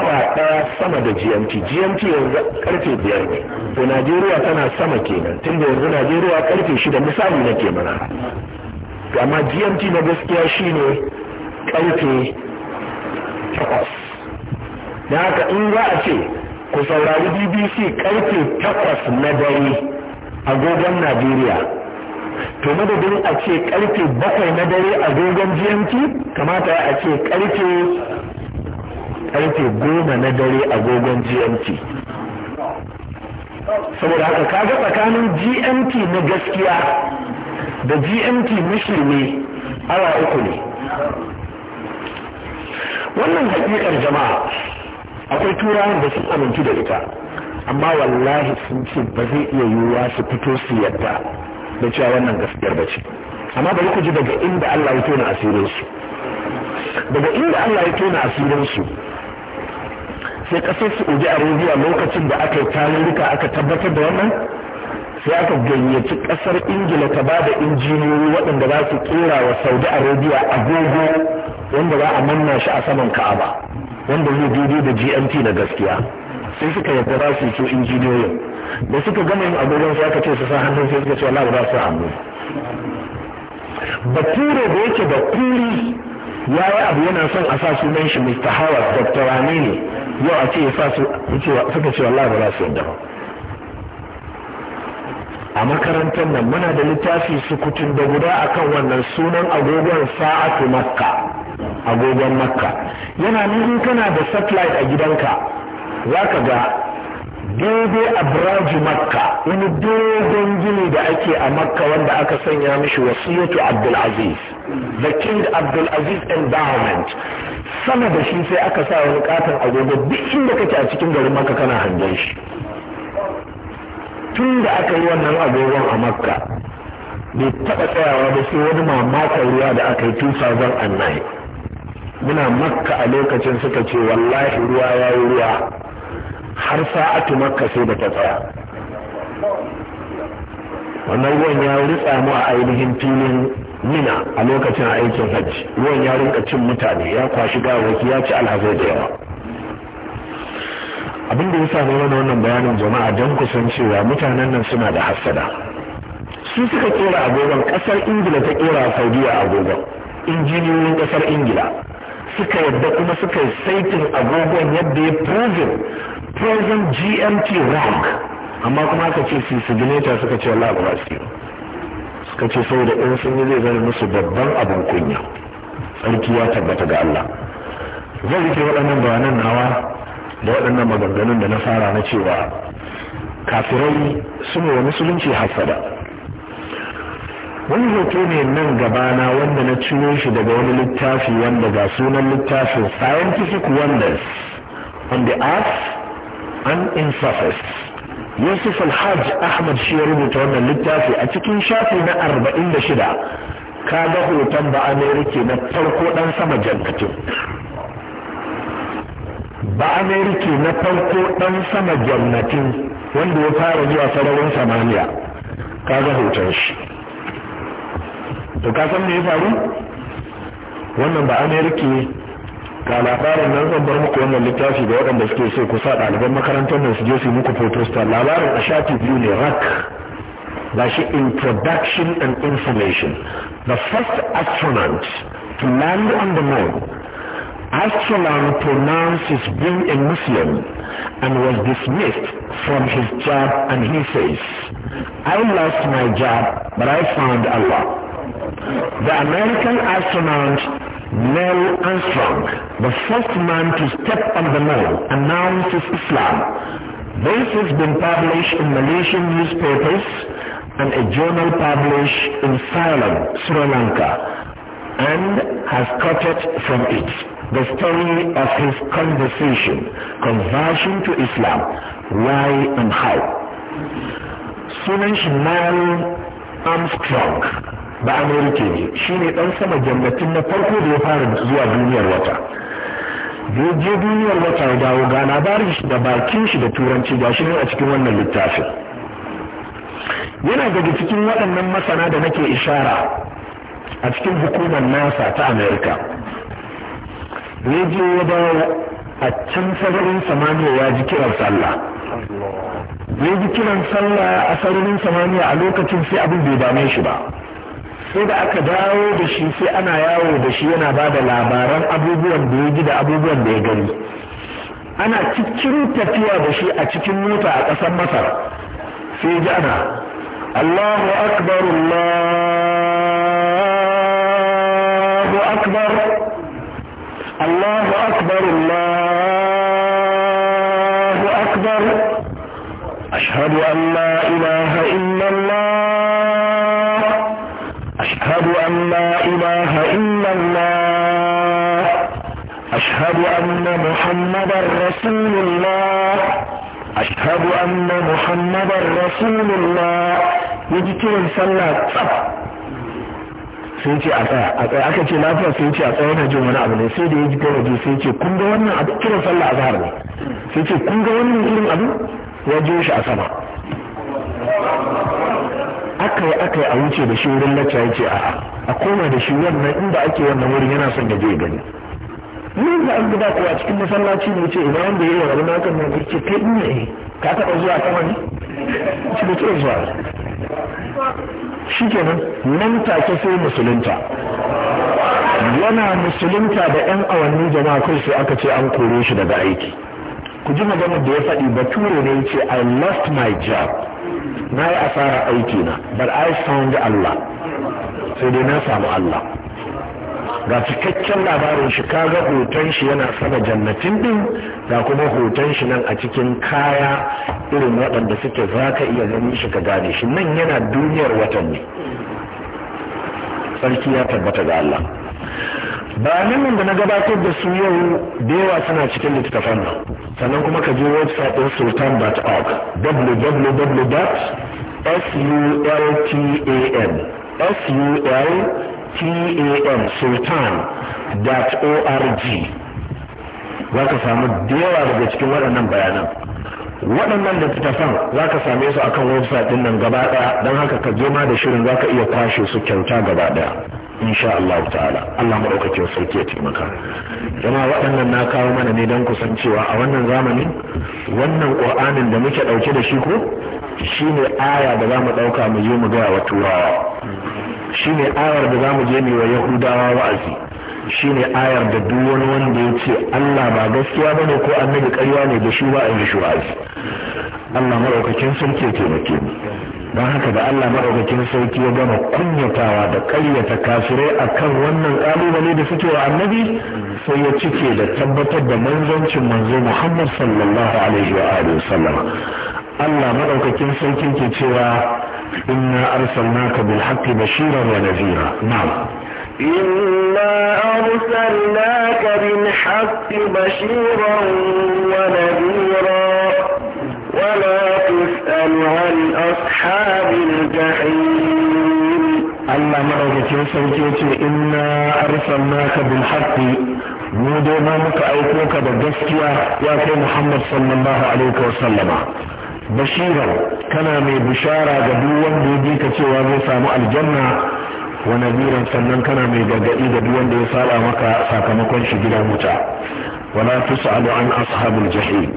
awa ɗaya sama da gmt gmt yanzu karfe biyar ne to najeriya tana sama kenan tun da yanzu najeriya karfe shida misali na ke mana amma gmt na gaskiya shine karfe takwas da haka in za a ce ku saurari bbc karfe takwas na dare agogon najeriya to madadin a ce karfe bakwai na dare agogon gmt kamata a ce karfe karfe goma na dare agogon gmt saboda haka kaga tsakanin gmt na gaskiya da gmt na ne awa uku ne wannan hakikar jama'a akwai turawan da sun amintu da ita amma wallahi sun ce ba zai iya yiwuwa su fito su yadda da cewa wannan gaskiyar ba ce amma bari ku ji daga inda Allah ya tona asirin su daga inda Allah ya tona asirin su sai kasar Saudi Arabia lokacin da aka yi tarurruka aka tabbatar da wannan sai aka gayyaci kasar Ingila ta ba da injiniyoyi waɗanda za su kera wa Saudi Arabia agogo wanda za a manna shi a saman Ka'aba wanda zai daidai da gmt na gaskiya sai suka yi za su so injiniyoyin da suka gama yin agogon su aka ce su sa hannun sai suka ce Allah ba su hannu bature da yake da kuri ya yi abu yana son a sa sunan shi Mr. Howard Dr. Ramini yau a ce ya sa su suka ce Allah su yadda a makarantar nan muna da littafi sukutun da guda akan wannan sunan agogon sa'atu makka agogon makka yana nan kana da satellite a gidanka za ka ga daidai a biraji makka wani dogon gini da ake a makka wanda aka sanya mishi wasiyatu abdulaziz the king abdulaziz endowment sama da shi sai aka sa wani katon agogo duk inda kake a cikin garin makka kana hangen shi tun da aka yi wannan agogon a makka bai taɓa tsayawa da sai wani mamakon ruwa da aka yi 2009 muna makka a lokacin suka ce wallahi ruwa ya yi ruwa har sa'atu makka sai da ta tsaya wannan ruwan ya ritsa mu a ainihin filin mina a lokacin aikin hajji ruwan ya rinka cin mutane ya kwashi gawaki ya ci alhazai da yawa abin da ya sami mana wannan bayanin jama'a don kusan cewa mutanen nan suna da hassada su suka kera agogon kasar ingila ta kera saudiya agogon injiniyoyin kasar ingila suka yadda kuma suka yi saitin agogon yadda ya proven proven gmt rank amma kuma aka ce sisigineta suka ce Allah ba su suka ce saboda ɗan sun yi zai zama musu babban abin kunya tsarki ya tabbata ga Allah zan rike waɗannan bayanan nawa da waɗannan maganganun da na fara na cewa kafirai ne wa musulunci hasada wani hoto ne nan gabana wanda na ciro shi daga wani littafi wanda ga sunan littafin scientific wonders on the earth and in surface yusuf alhaj ahmad shi ya rubuta wannan littafi a cikin shafi na arba'in da shida ka ga hoton ba amerika na farko dan sama jankatin ba amerika na farko dan sama jannatin wanda ya fara zuwa sararin samaniya ka ga hoton shi to ka san me ya faru wannan ba amerika ga labarin nan zan bar muku wannan littafi ga waɗanda suke so ku sa ɗaliban makarantar nan su je su muku fotosta labarin a shafi biyu ne rak ga shi introduction and information the first astronaut to land on the moon astronaut pronounced his being a muslim and was dismissed from his job and he says i lost my job but i found allah The American astronaut Neil Armstrong, the first man to step on the moon, announces Islam. This has been published in Malaysian newspapers and a journal published in Ceylon, Sri Lanka, and has quoted from it the story of his conversation, conversion to Islam, why and how. Sunan Shimari Armstrong ba amerika ne shi ne ɗan sama jannatin na farko da ya fara zuwa duniyar wata da duniyar wata ya dawo ga labarin shi da bakin shi da turanci ga shi ne a cikin wannan littafin yana daga cikin waɗannan masana da nake ishara a cikin hukumar nasa ta amerika ya ya dawo a can sararin samaniya ya ji kiran sallah ya ji kiran sallah a sararin samaniya a lokacin sai abin bai dame shi ba sai da aka dawo da shi sai ana yawo da shi yana ba da labaran abubuwan da ya ji da abubuwan da ya gani ana cikin tafiya da shi a cikin mota a ƙasar masar sai ji ana allahu akbar allahu akbar allahu akbar allahu akbar ashhadu an la ilaha illallah أشهد أن محمدا رسول الله أشهد أن محمدا رسول الله يجي كيران صلاة صف sai ce a tsaya aka ce lafiya sai ce a tsaya yana jin wani abu ne sai da ya ji garaje sai ce kun ga wannan abu kiran sallah azhar ne sai ce kun ga wannan irin abu ya je shi a sama aka yi a wuce da shi wurin lacca ya ce a a koma da shi wannan inda ake wannan wurin yana son da je gani mun da an gida kuwa cikin masallaci ne ce idan wanda ya yi rabu na kan nan ce kai ina eh. ka taɓa zuwa sama ne shi da ke zuwa shi kenan nan take sai musulunta yana musulunta da yan awanni jama'a kai su aka ce an kore shi daga aiki ku ji maganar da ya faɗi bature ne ya ce i lost my job na yi asara aiki na but i found Allah sai dai na samu Allah ga cikakken labarin shi kaga hoton shi yana sama jannatin din ga kuma hoton shi nan a cikin kaya irin waɗanda suke za ka iya gani shi ka gane shi nan yana duniyar watanni sarki ya tabbata ga Allah a nan da na gabatar da su yau da yawa suna cikin littattafan nan sannan kuma ka je website ɗin sultan.org www.sultan.org tam za ka samu da daga cikin waɗannan bayanan waɗannan littattafan za ka same su akan website ɗin nan gaba ɗaya don haka ka je ma da shirin za ka iya kwashe su kyauta gaba ɗaya insha Allah ta'ala Allah maɗaukakin sarki ya taimaka jama waɗannan na kawo mana ne don kusan cewa a wannan zamani wannan ƙur'anin da muke ɗauke da shi ko shine aya da za mu ɗauka mu je mu gaya wa turawa shine ayar da zamu je ne wa yahudawa wa'azi shine ayar da duk wani wanda ya ce Allah ba gaskiya bane ko annabi ƙarya ne da shi ba a yi shi wa'azi Allah maɗaukakin sarki ya taimake mu don haka da Allah maɗaukakin sarki ya gama kunyatawa da ƙaryata kafirai a kan wannan ƙalubale da suke wa annabi sai ya cike da tabbatar da manzancin manzo Muhammad sallallahu alaihi wa alihi wa Allah maɗaukakin sarki ke cewa إنا أرسلناك بالحق بشيرا ونذيرا نعم إنا أرسلناك بالحق بشيرا ونذيرا ولا تسأل عن أصحاب الجحيم الله مرحبا يوسف إنا أرسلناك بالحق mu dai أيكوك muka يا أخي محمد صلى الله kai وسلم. bashirar kana mai bishara ga duk wanda ya ka cewa zai samu aljanna wa nadiran sannan kana mai gargaɗi ga duk wanda ya saba maka sakamakon shi gidan wuta wala tusalu an ashabul jahim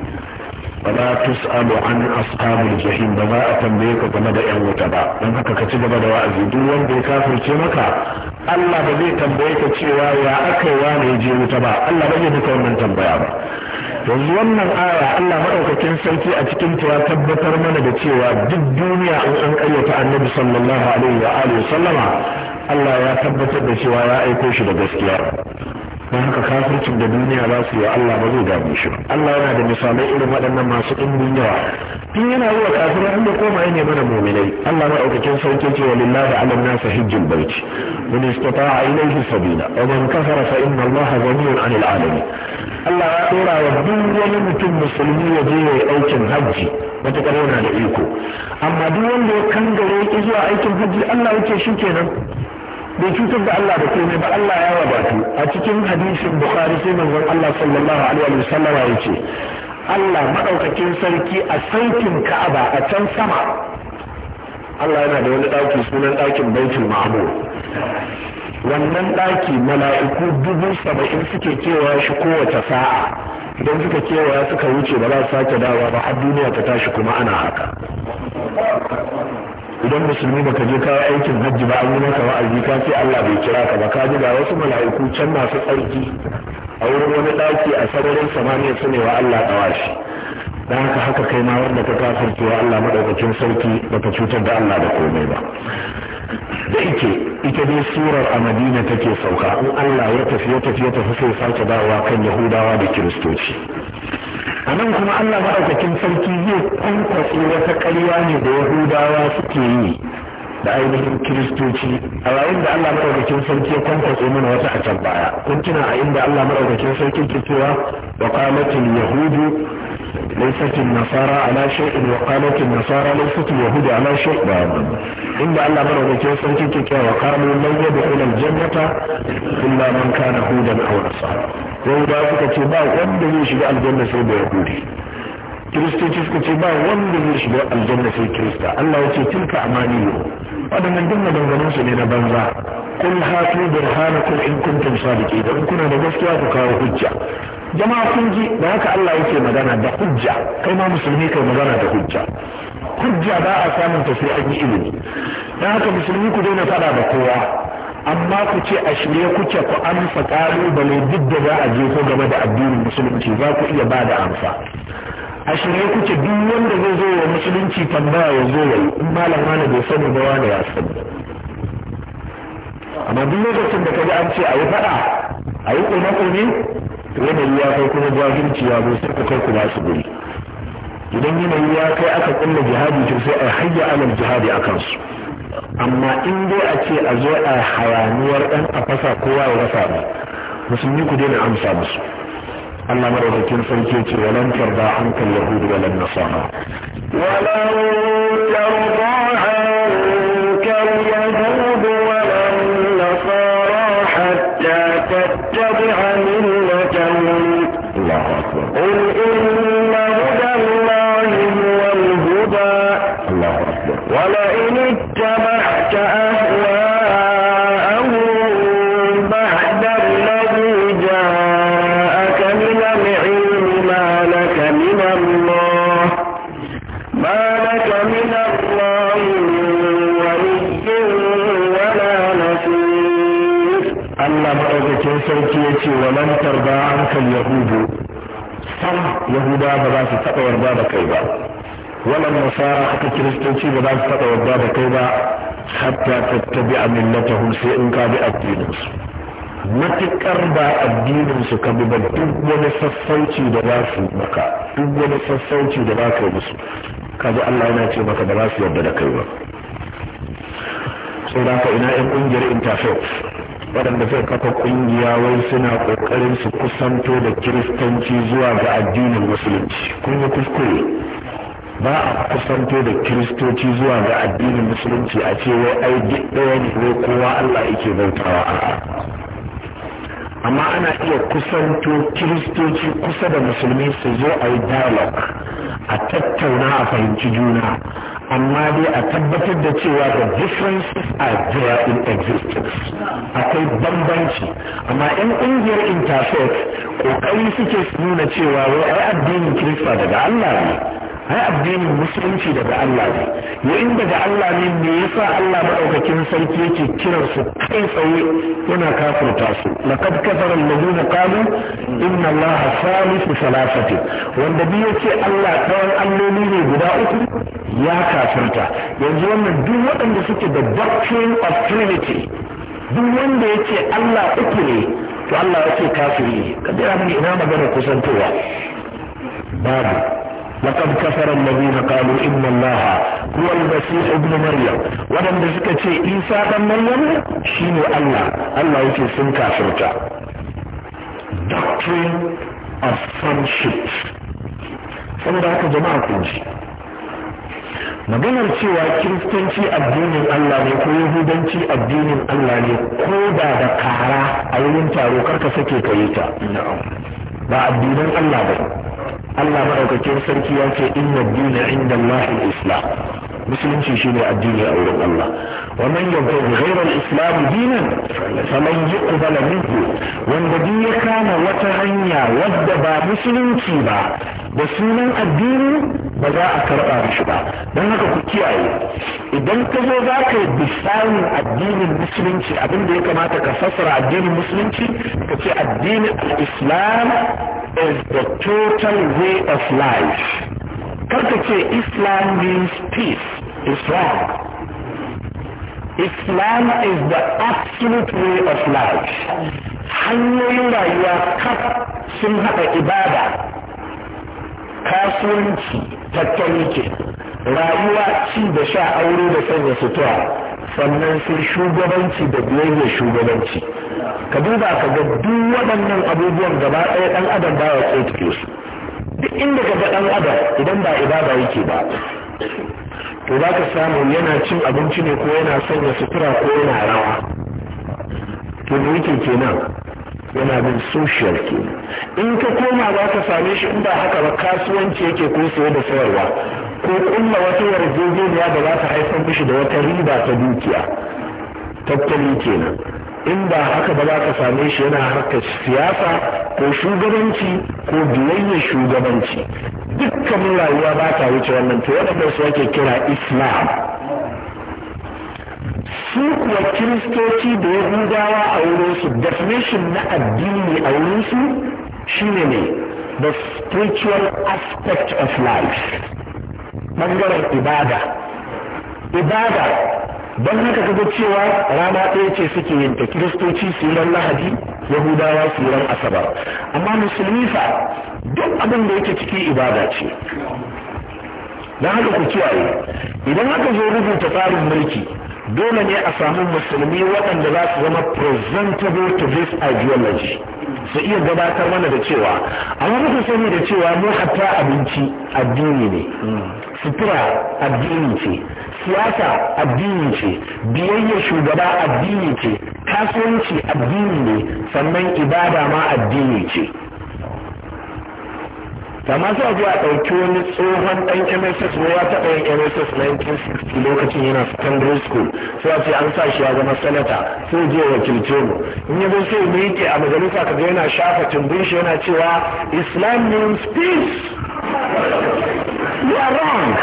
wala tusalu an ashabul jahim ba za a tambaye ka game da yan wuta ba don haka ka ci gaba da wa'azi duk wanda ya kafirce maka Allah ba zai tambaye ka cewa ya aka yi ya je wuta ba Allah ba zai duka wannan tambaya ba yanzu wannan aya Allah maɗaukacin sarki a cikin ta ya tabbatar mana da cewa duk duniya in an ƙayyata annabi sallallahu alaihi wa alihi sallama Allah ya tabbatar da cewa ya aiko shi da gaskiya don haka kafircin da duniya za su yi Allah ba zai dame shi Allah yana da misalai irin waɗannan masu ɗimbin yawa tun yana zuwa an inda koma ya ne mana muminai Allah maɗaukakin sauke ce wa lillahi ala nasa hijjin baiti man istata'a ilayhi sabila wa man kafara fa inna Allah ghaniyun 'anil alami Allah ya ɗora wa duk wani mutum musulmi ya je ya yi aikin hajji matuƙar yana da iko amma duk wanda ya kangare ya zuwa aikin hajji Allah yake shi kenan bai cutar da Allah da komai ba Allah ya wadatu a cikin hadisin bukhari sai manzon Allah sallallahu alaihi wa sallam ya ce Allah madaukakin sarki a saitin Ka'aba a can sama Allah yana da wani ɗaki sunan ɗakin Baitul Ma'mur wannan ɗaki mala'iku dubu saba'in suke kewaya shi kowace sa'a idan suka kewaya suka wuce ba za su sake dawa ba har duniya ta tashi kuma ana haka idan musulmi ba ka je kawo aikin hajji ba an yi maka wa'azi ka ce Allah bai kira ka ba ka ji ga wasu mala'iku can masu tsarki a wurin wani daki a sararin samaniya su ne wa Allah dawashi dan haka haka kai ma wanda ka kafirce wa Allah madaukakin sarki baka cutar da Allah da komai ba da ike ita dai surar a Madina take sauka in Allah ya tafi ya tafi ya tafi sai sake dawowa kan Yahudawa da Kiristoci a nan kuma Allah maɗaukakin sarki zai kwankwace wata ƙarya ne da yahudawa suke yi da ainihin kiristoci a yayin da Allah maɗaukakin sarki ya kwankwace mana wata a can baya kun tuna a inda Allah maɗaukakin sarki ke cewa wa qalatil yahudu ليست النصارى على شيء وقالت النصارى ليست اليهود على شيء إن الله من وجهه سنتك وقالوا لن يدخل الجنة إلا من كان هودا أو نصارى يهودا suka ba wanda zai shiga aljanna sai da yahudi kiristoci suka ce ba wanda zai shiga aljanna sai kirista Allah ya ce a amaniyo waɗannan duk maganganun su ne na banza kul hatu burhanakum in kuntum sadiqin in kuna da gaskiya ku kawo hujja jama'a sun ji da haka Allah yake magana da hujja kai ma musulmi kai magana da hujja hujja ba a samun ta sai an yi ilimi dan haka musulmi ku daina fada da kowa amma ku ce a shirye kuke ku amsa kalubale duk da za a je ko game da addinin musulunci za ku iya da amsa a shirye kuke duk wanda zai zo wa musulunci tambaya ya zo yayi in malam wani bai sani ba wani ya sani amma duk lokacin da ka ji an ce a yi fada a yi kulmakulmi yanayi ya kai kuma jahilci ya saka ku kai ku ba su guri idan yanayi ya kai aka kulla jihadi to sai a hayya alal jihadi a kansu amma in dai a ce a zo a hayaniyar dan a fasa kowa ya rasa ba musulmi ku daina amsa musu Allah madaukakin sarki ce walan tarda an kan yahudi walan nasara walan tarda kan yahudu sam yahuda ba za su taɓa yarda da kai ba wannan nasara aka kiristoci ba za su taɓa yarda da kai ba hatta tattabi a millatahum sai in ka bi addininsu matuƙar ba addininsu ka bi ba duk wani sassauci da za su maka duk wani sassauci da za ka yi musu kaji Allah yana ce maka ba za su yarda da kai ba sai da ina yan ƙungiyar interfaith waɗanda suka kafa ƙungiya wai suna ƙoƙarin su kusanto da kiristanci zuwa ga addinin musulunci kun yi kuskure ba a kusanto da kiristoci zuwa ga addinin musulunci a ce wai ai duk ɗaya ne wai kowa Allah yake bautawa a'a amma ana iya kusanto kiristoci kusa da musulmi su zo a yi dialogue a tattauna a fahimci juna amma dai a tabbatar da cewa the differences are there in existence akwai bambanci amma in ƙungiyar interfaith ƙoƙari suke nuna cewa wai ai addinin kirista daga Allah ne ai addinin musulunci daga Allah ne ya in daga Allah ne me yasa Allah madaukakin sarki yake kiran su kai tsaye yana kafirta su laqad kafara alladhina qalu inna allaha salisu salasati wanda bi yace Allah ɗayan alloli ne guda uku ya kafirta yanzu wannan duk waɗanda suke da doctrine of trinity duk wanda yace Allah uku ne to Allah yace kafiri ne kada ya ina magana kusantowa babu لقد كفر الذين قالوا إن الله هو المسيح ابن مريم ولم تسكت عيسى بن مريم شين الله الله يكي سن كافرتا doctrine of sonship saboda haka jama'a kun ji maganar cewa kiristanci addinin Allah ne ko yahudanci addinin Allah ne ko da da kara a wurin taro karka sake kayi ta na'am ba addinin Allah ba Allah maɗaukakin sarki ya ce inna dina inda Allah islam musulunci shine addini a wurin Allah Wannan man yabghi islam dinan faman yuqbal minhu wanda duk ya kama wata hanya wadda ba musulunci ba da sunan addini ba za a karɓa mishi ba don haka ku kiyaye idan ka zo za ka yi bisanin addinin musulunci abin da ya kamata ka fassara addinin musulunci ka ce addinin islam is the total way of life ka ce islam means peace islam Islam is the absolute way of life. Hanyoyin rayuwa kaf sun haɗa ibada, kasuwanci, tattali ke, rayuwa ci da sha aure da sanya sutura, sannan sun shugabanci da biyayyar shugabanci. Ka duba ka ga duk waɗannan abubuwan gaba ɗaya ɗan adam ba ya tsaye su. Duk inda ka ga ɗan adam idan ba ibada yake ba, to za ka samu yana cin abinci ne ko yana son sanya sutura ko yana rawa to me yake kenan yana bin social ke in ka koma za ka same shi in ba haka ba kasuwanci yake ko saye da sayarwa ko kulla wata yarjejeniya da za ta haifar mishi da wata riba ta dukiya tattali kenan in ba haka ba za ka same shi yana harkar siyasa ko shugabanci ko biyayyar shugabanci dukkanin rayuwa ba ta wuce wannan to waɗanda su ake kira islam su kuwa kiristoci da ya yahudawa a wurinsu definition na addini a wurinsu shine ne the spiritual aspect of life ɓangaren ibada ibada don haka kaga cewa rana ɗaya ce suke yin ta kiristoci su yi lahadi yahudawa su ran asabar amma musulmi fa duk abin da yake ciki ibada ce don haka ku kiyaye idan aka zo rubuta tsarin mulki dole ne a samu musulmi waɗanda za su zama presentable to this ideology su iya gabatar mana da cewa amma muka sani da cewa mu hatta abinci addini ne sutura addini ce siyasa addini ce biyayya shugaba addini ce kasuwanci addini ne sannan ibada ma addini ce amma za a ɗauki wani tsohon ɗan mss ne ya taɓa yin mss 1960 lokacin yana secondary school sai ce an sa shi ya zama sanata sai je wakilce mu in zai sai miƙe a majalisa kaga yana shafa tumbin shi yana cewa islam means peace you are wrong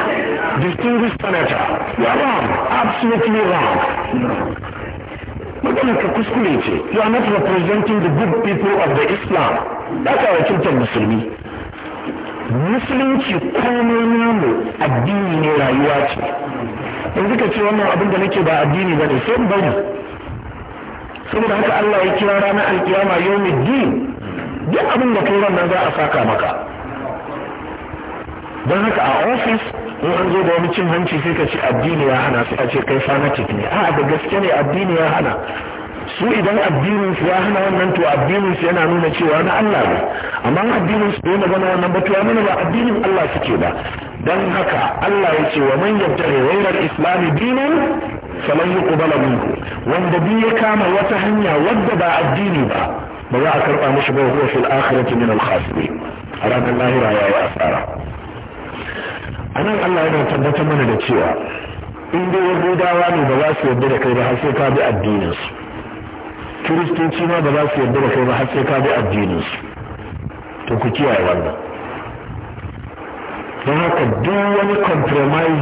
distinguished senator you are wrong absolutely wrong Magana ka kuskure ce you are not representing the good people of the islam that's our wakiltar musulmi musulunci komai namu addini ne rayuwa ce in suka ce wannan abin da nake ba addini ba ne sai in bari saboda haka Allah ya kira ranar alkiyama yau din duk abin da kai wannan za a saka maka don haka a ofis in an zo da wani cin hanci sai ka ce addini ya hana sai a ce kai fanatic ne a da gaske ne addini ya hana su idan addinin su ya hana wannan to addinin su yana nuna cewa na Allah ne amma addinin su bai magana wannan ba to ya nuna ba addinin Allah suke ba dan haka Allah ya ce wa man yabtaghi ghayra al-islam dinan falan yuqbala minhu wanda bi ya kama wata hanya wadda ba addini ba ba za a karba mishi ba wa fil akhirati min al-khasirin a ranar lahira ya yi asara anan Allah yana tabbatar mana da cewa in dai yahudawa ne ba za su yarda da kai ba har sai ka bi addinin su kiristoci ma ba za su yarda da kai ba har sai ka bi addinin su to ku kiyaye wannan don haka duk wani compromise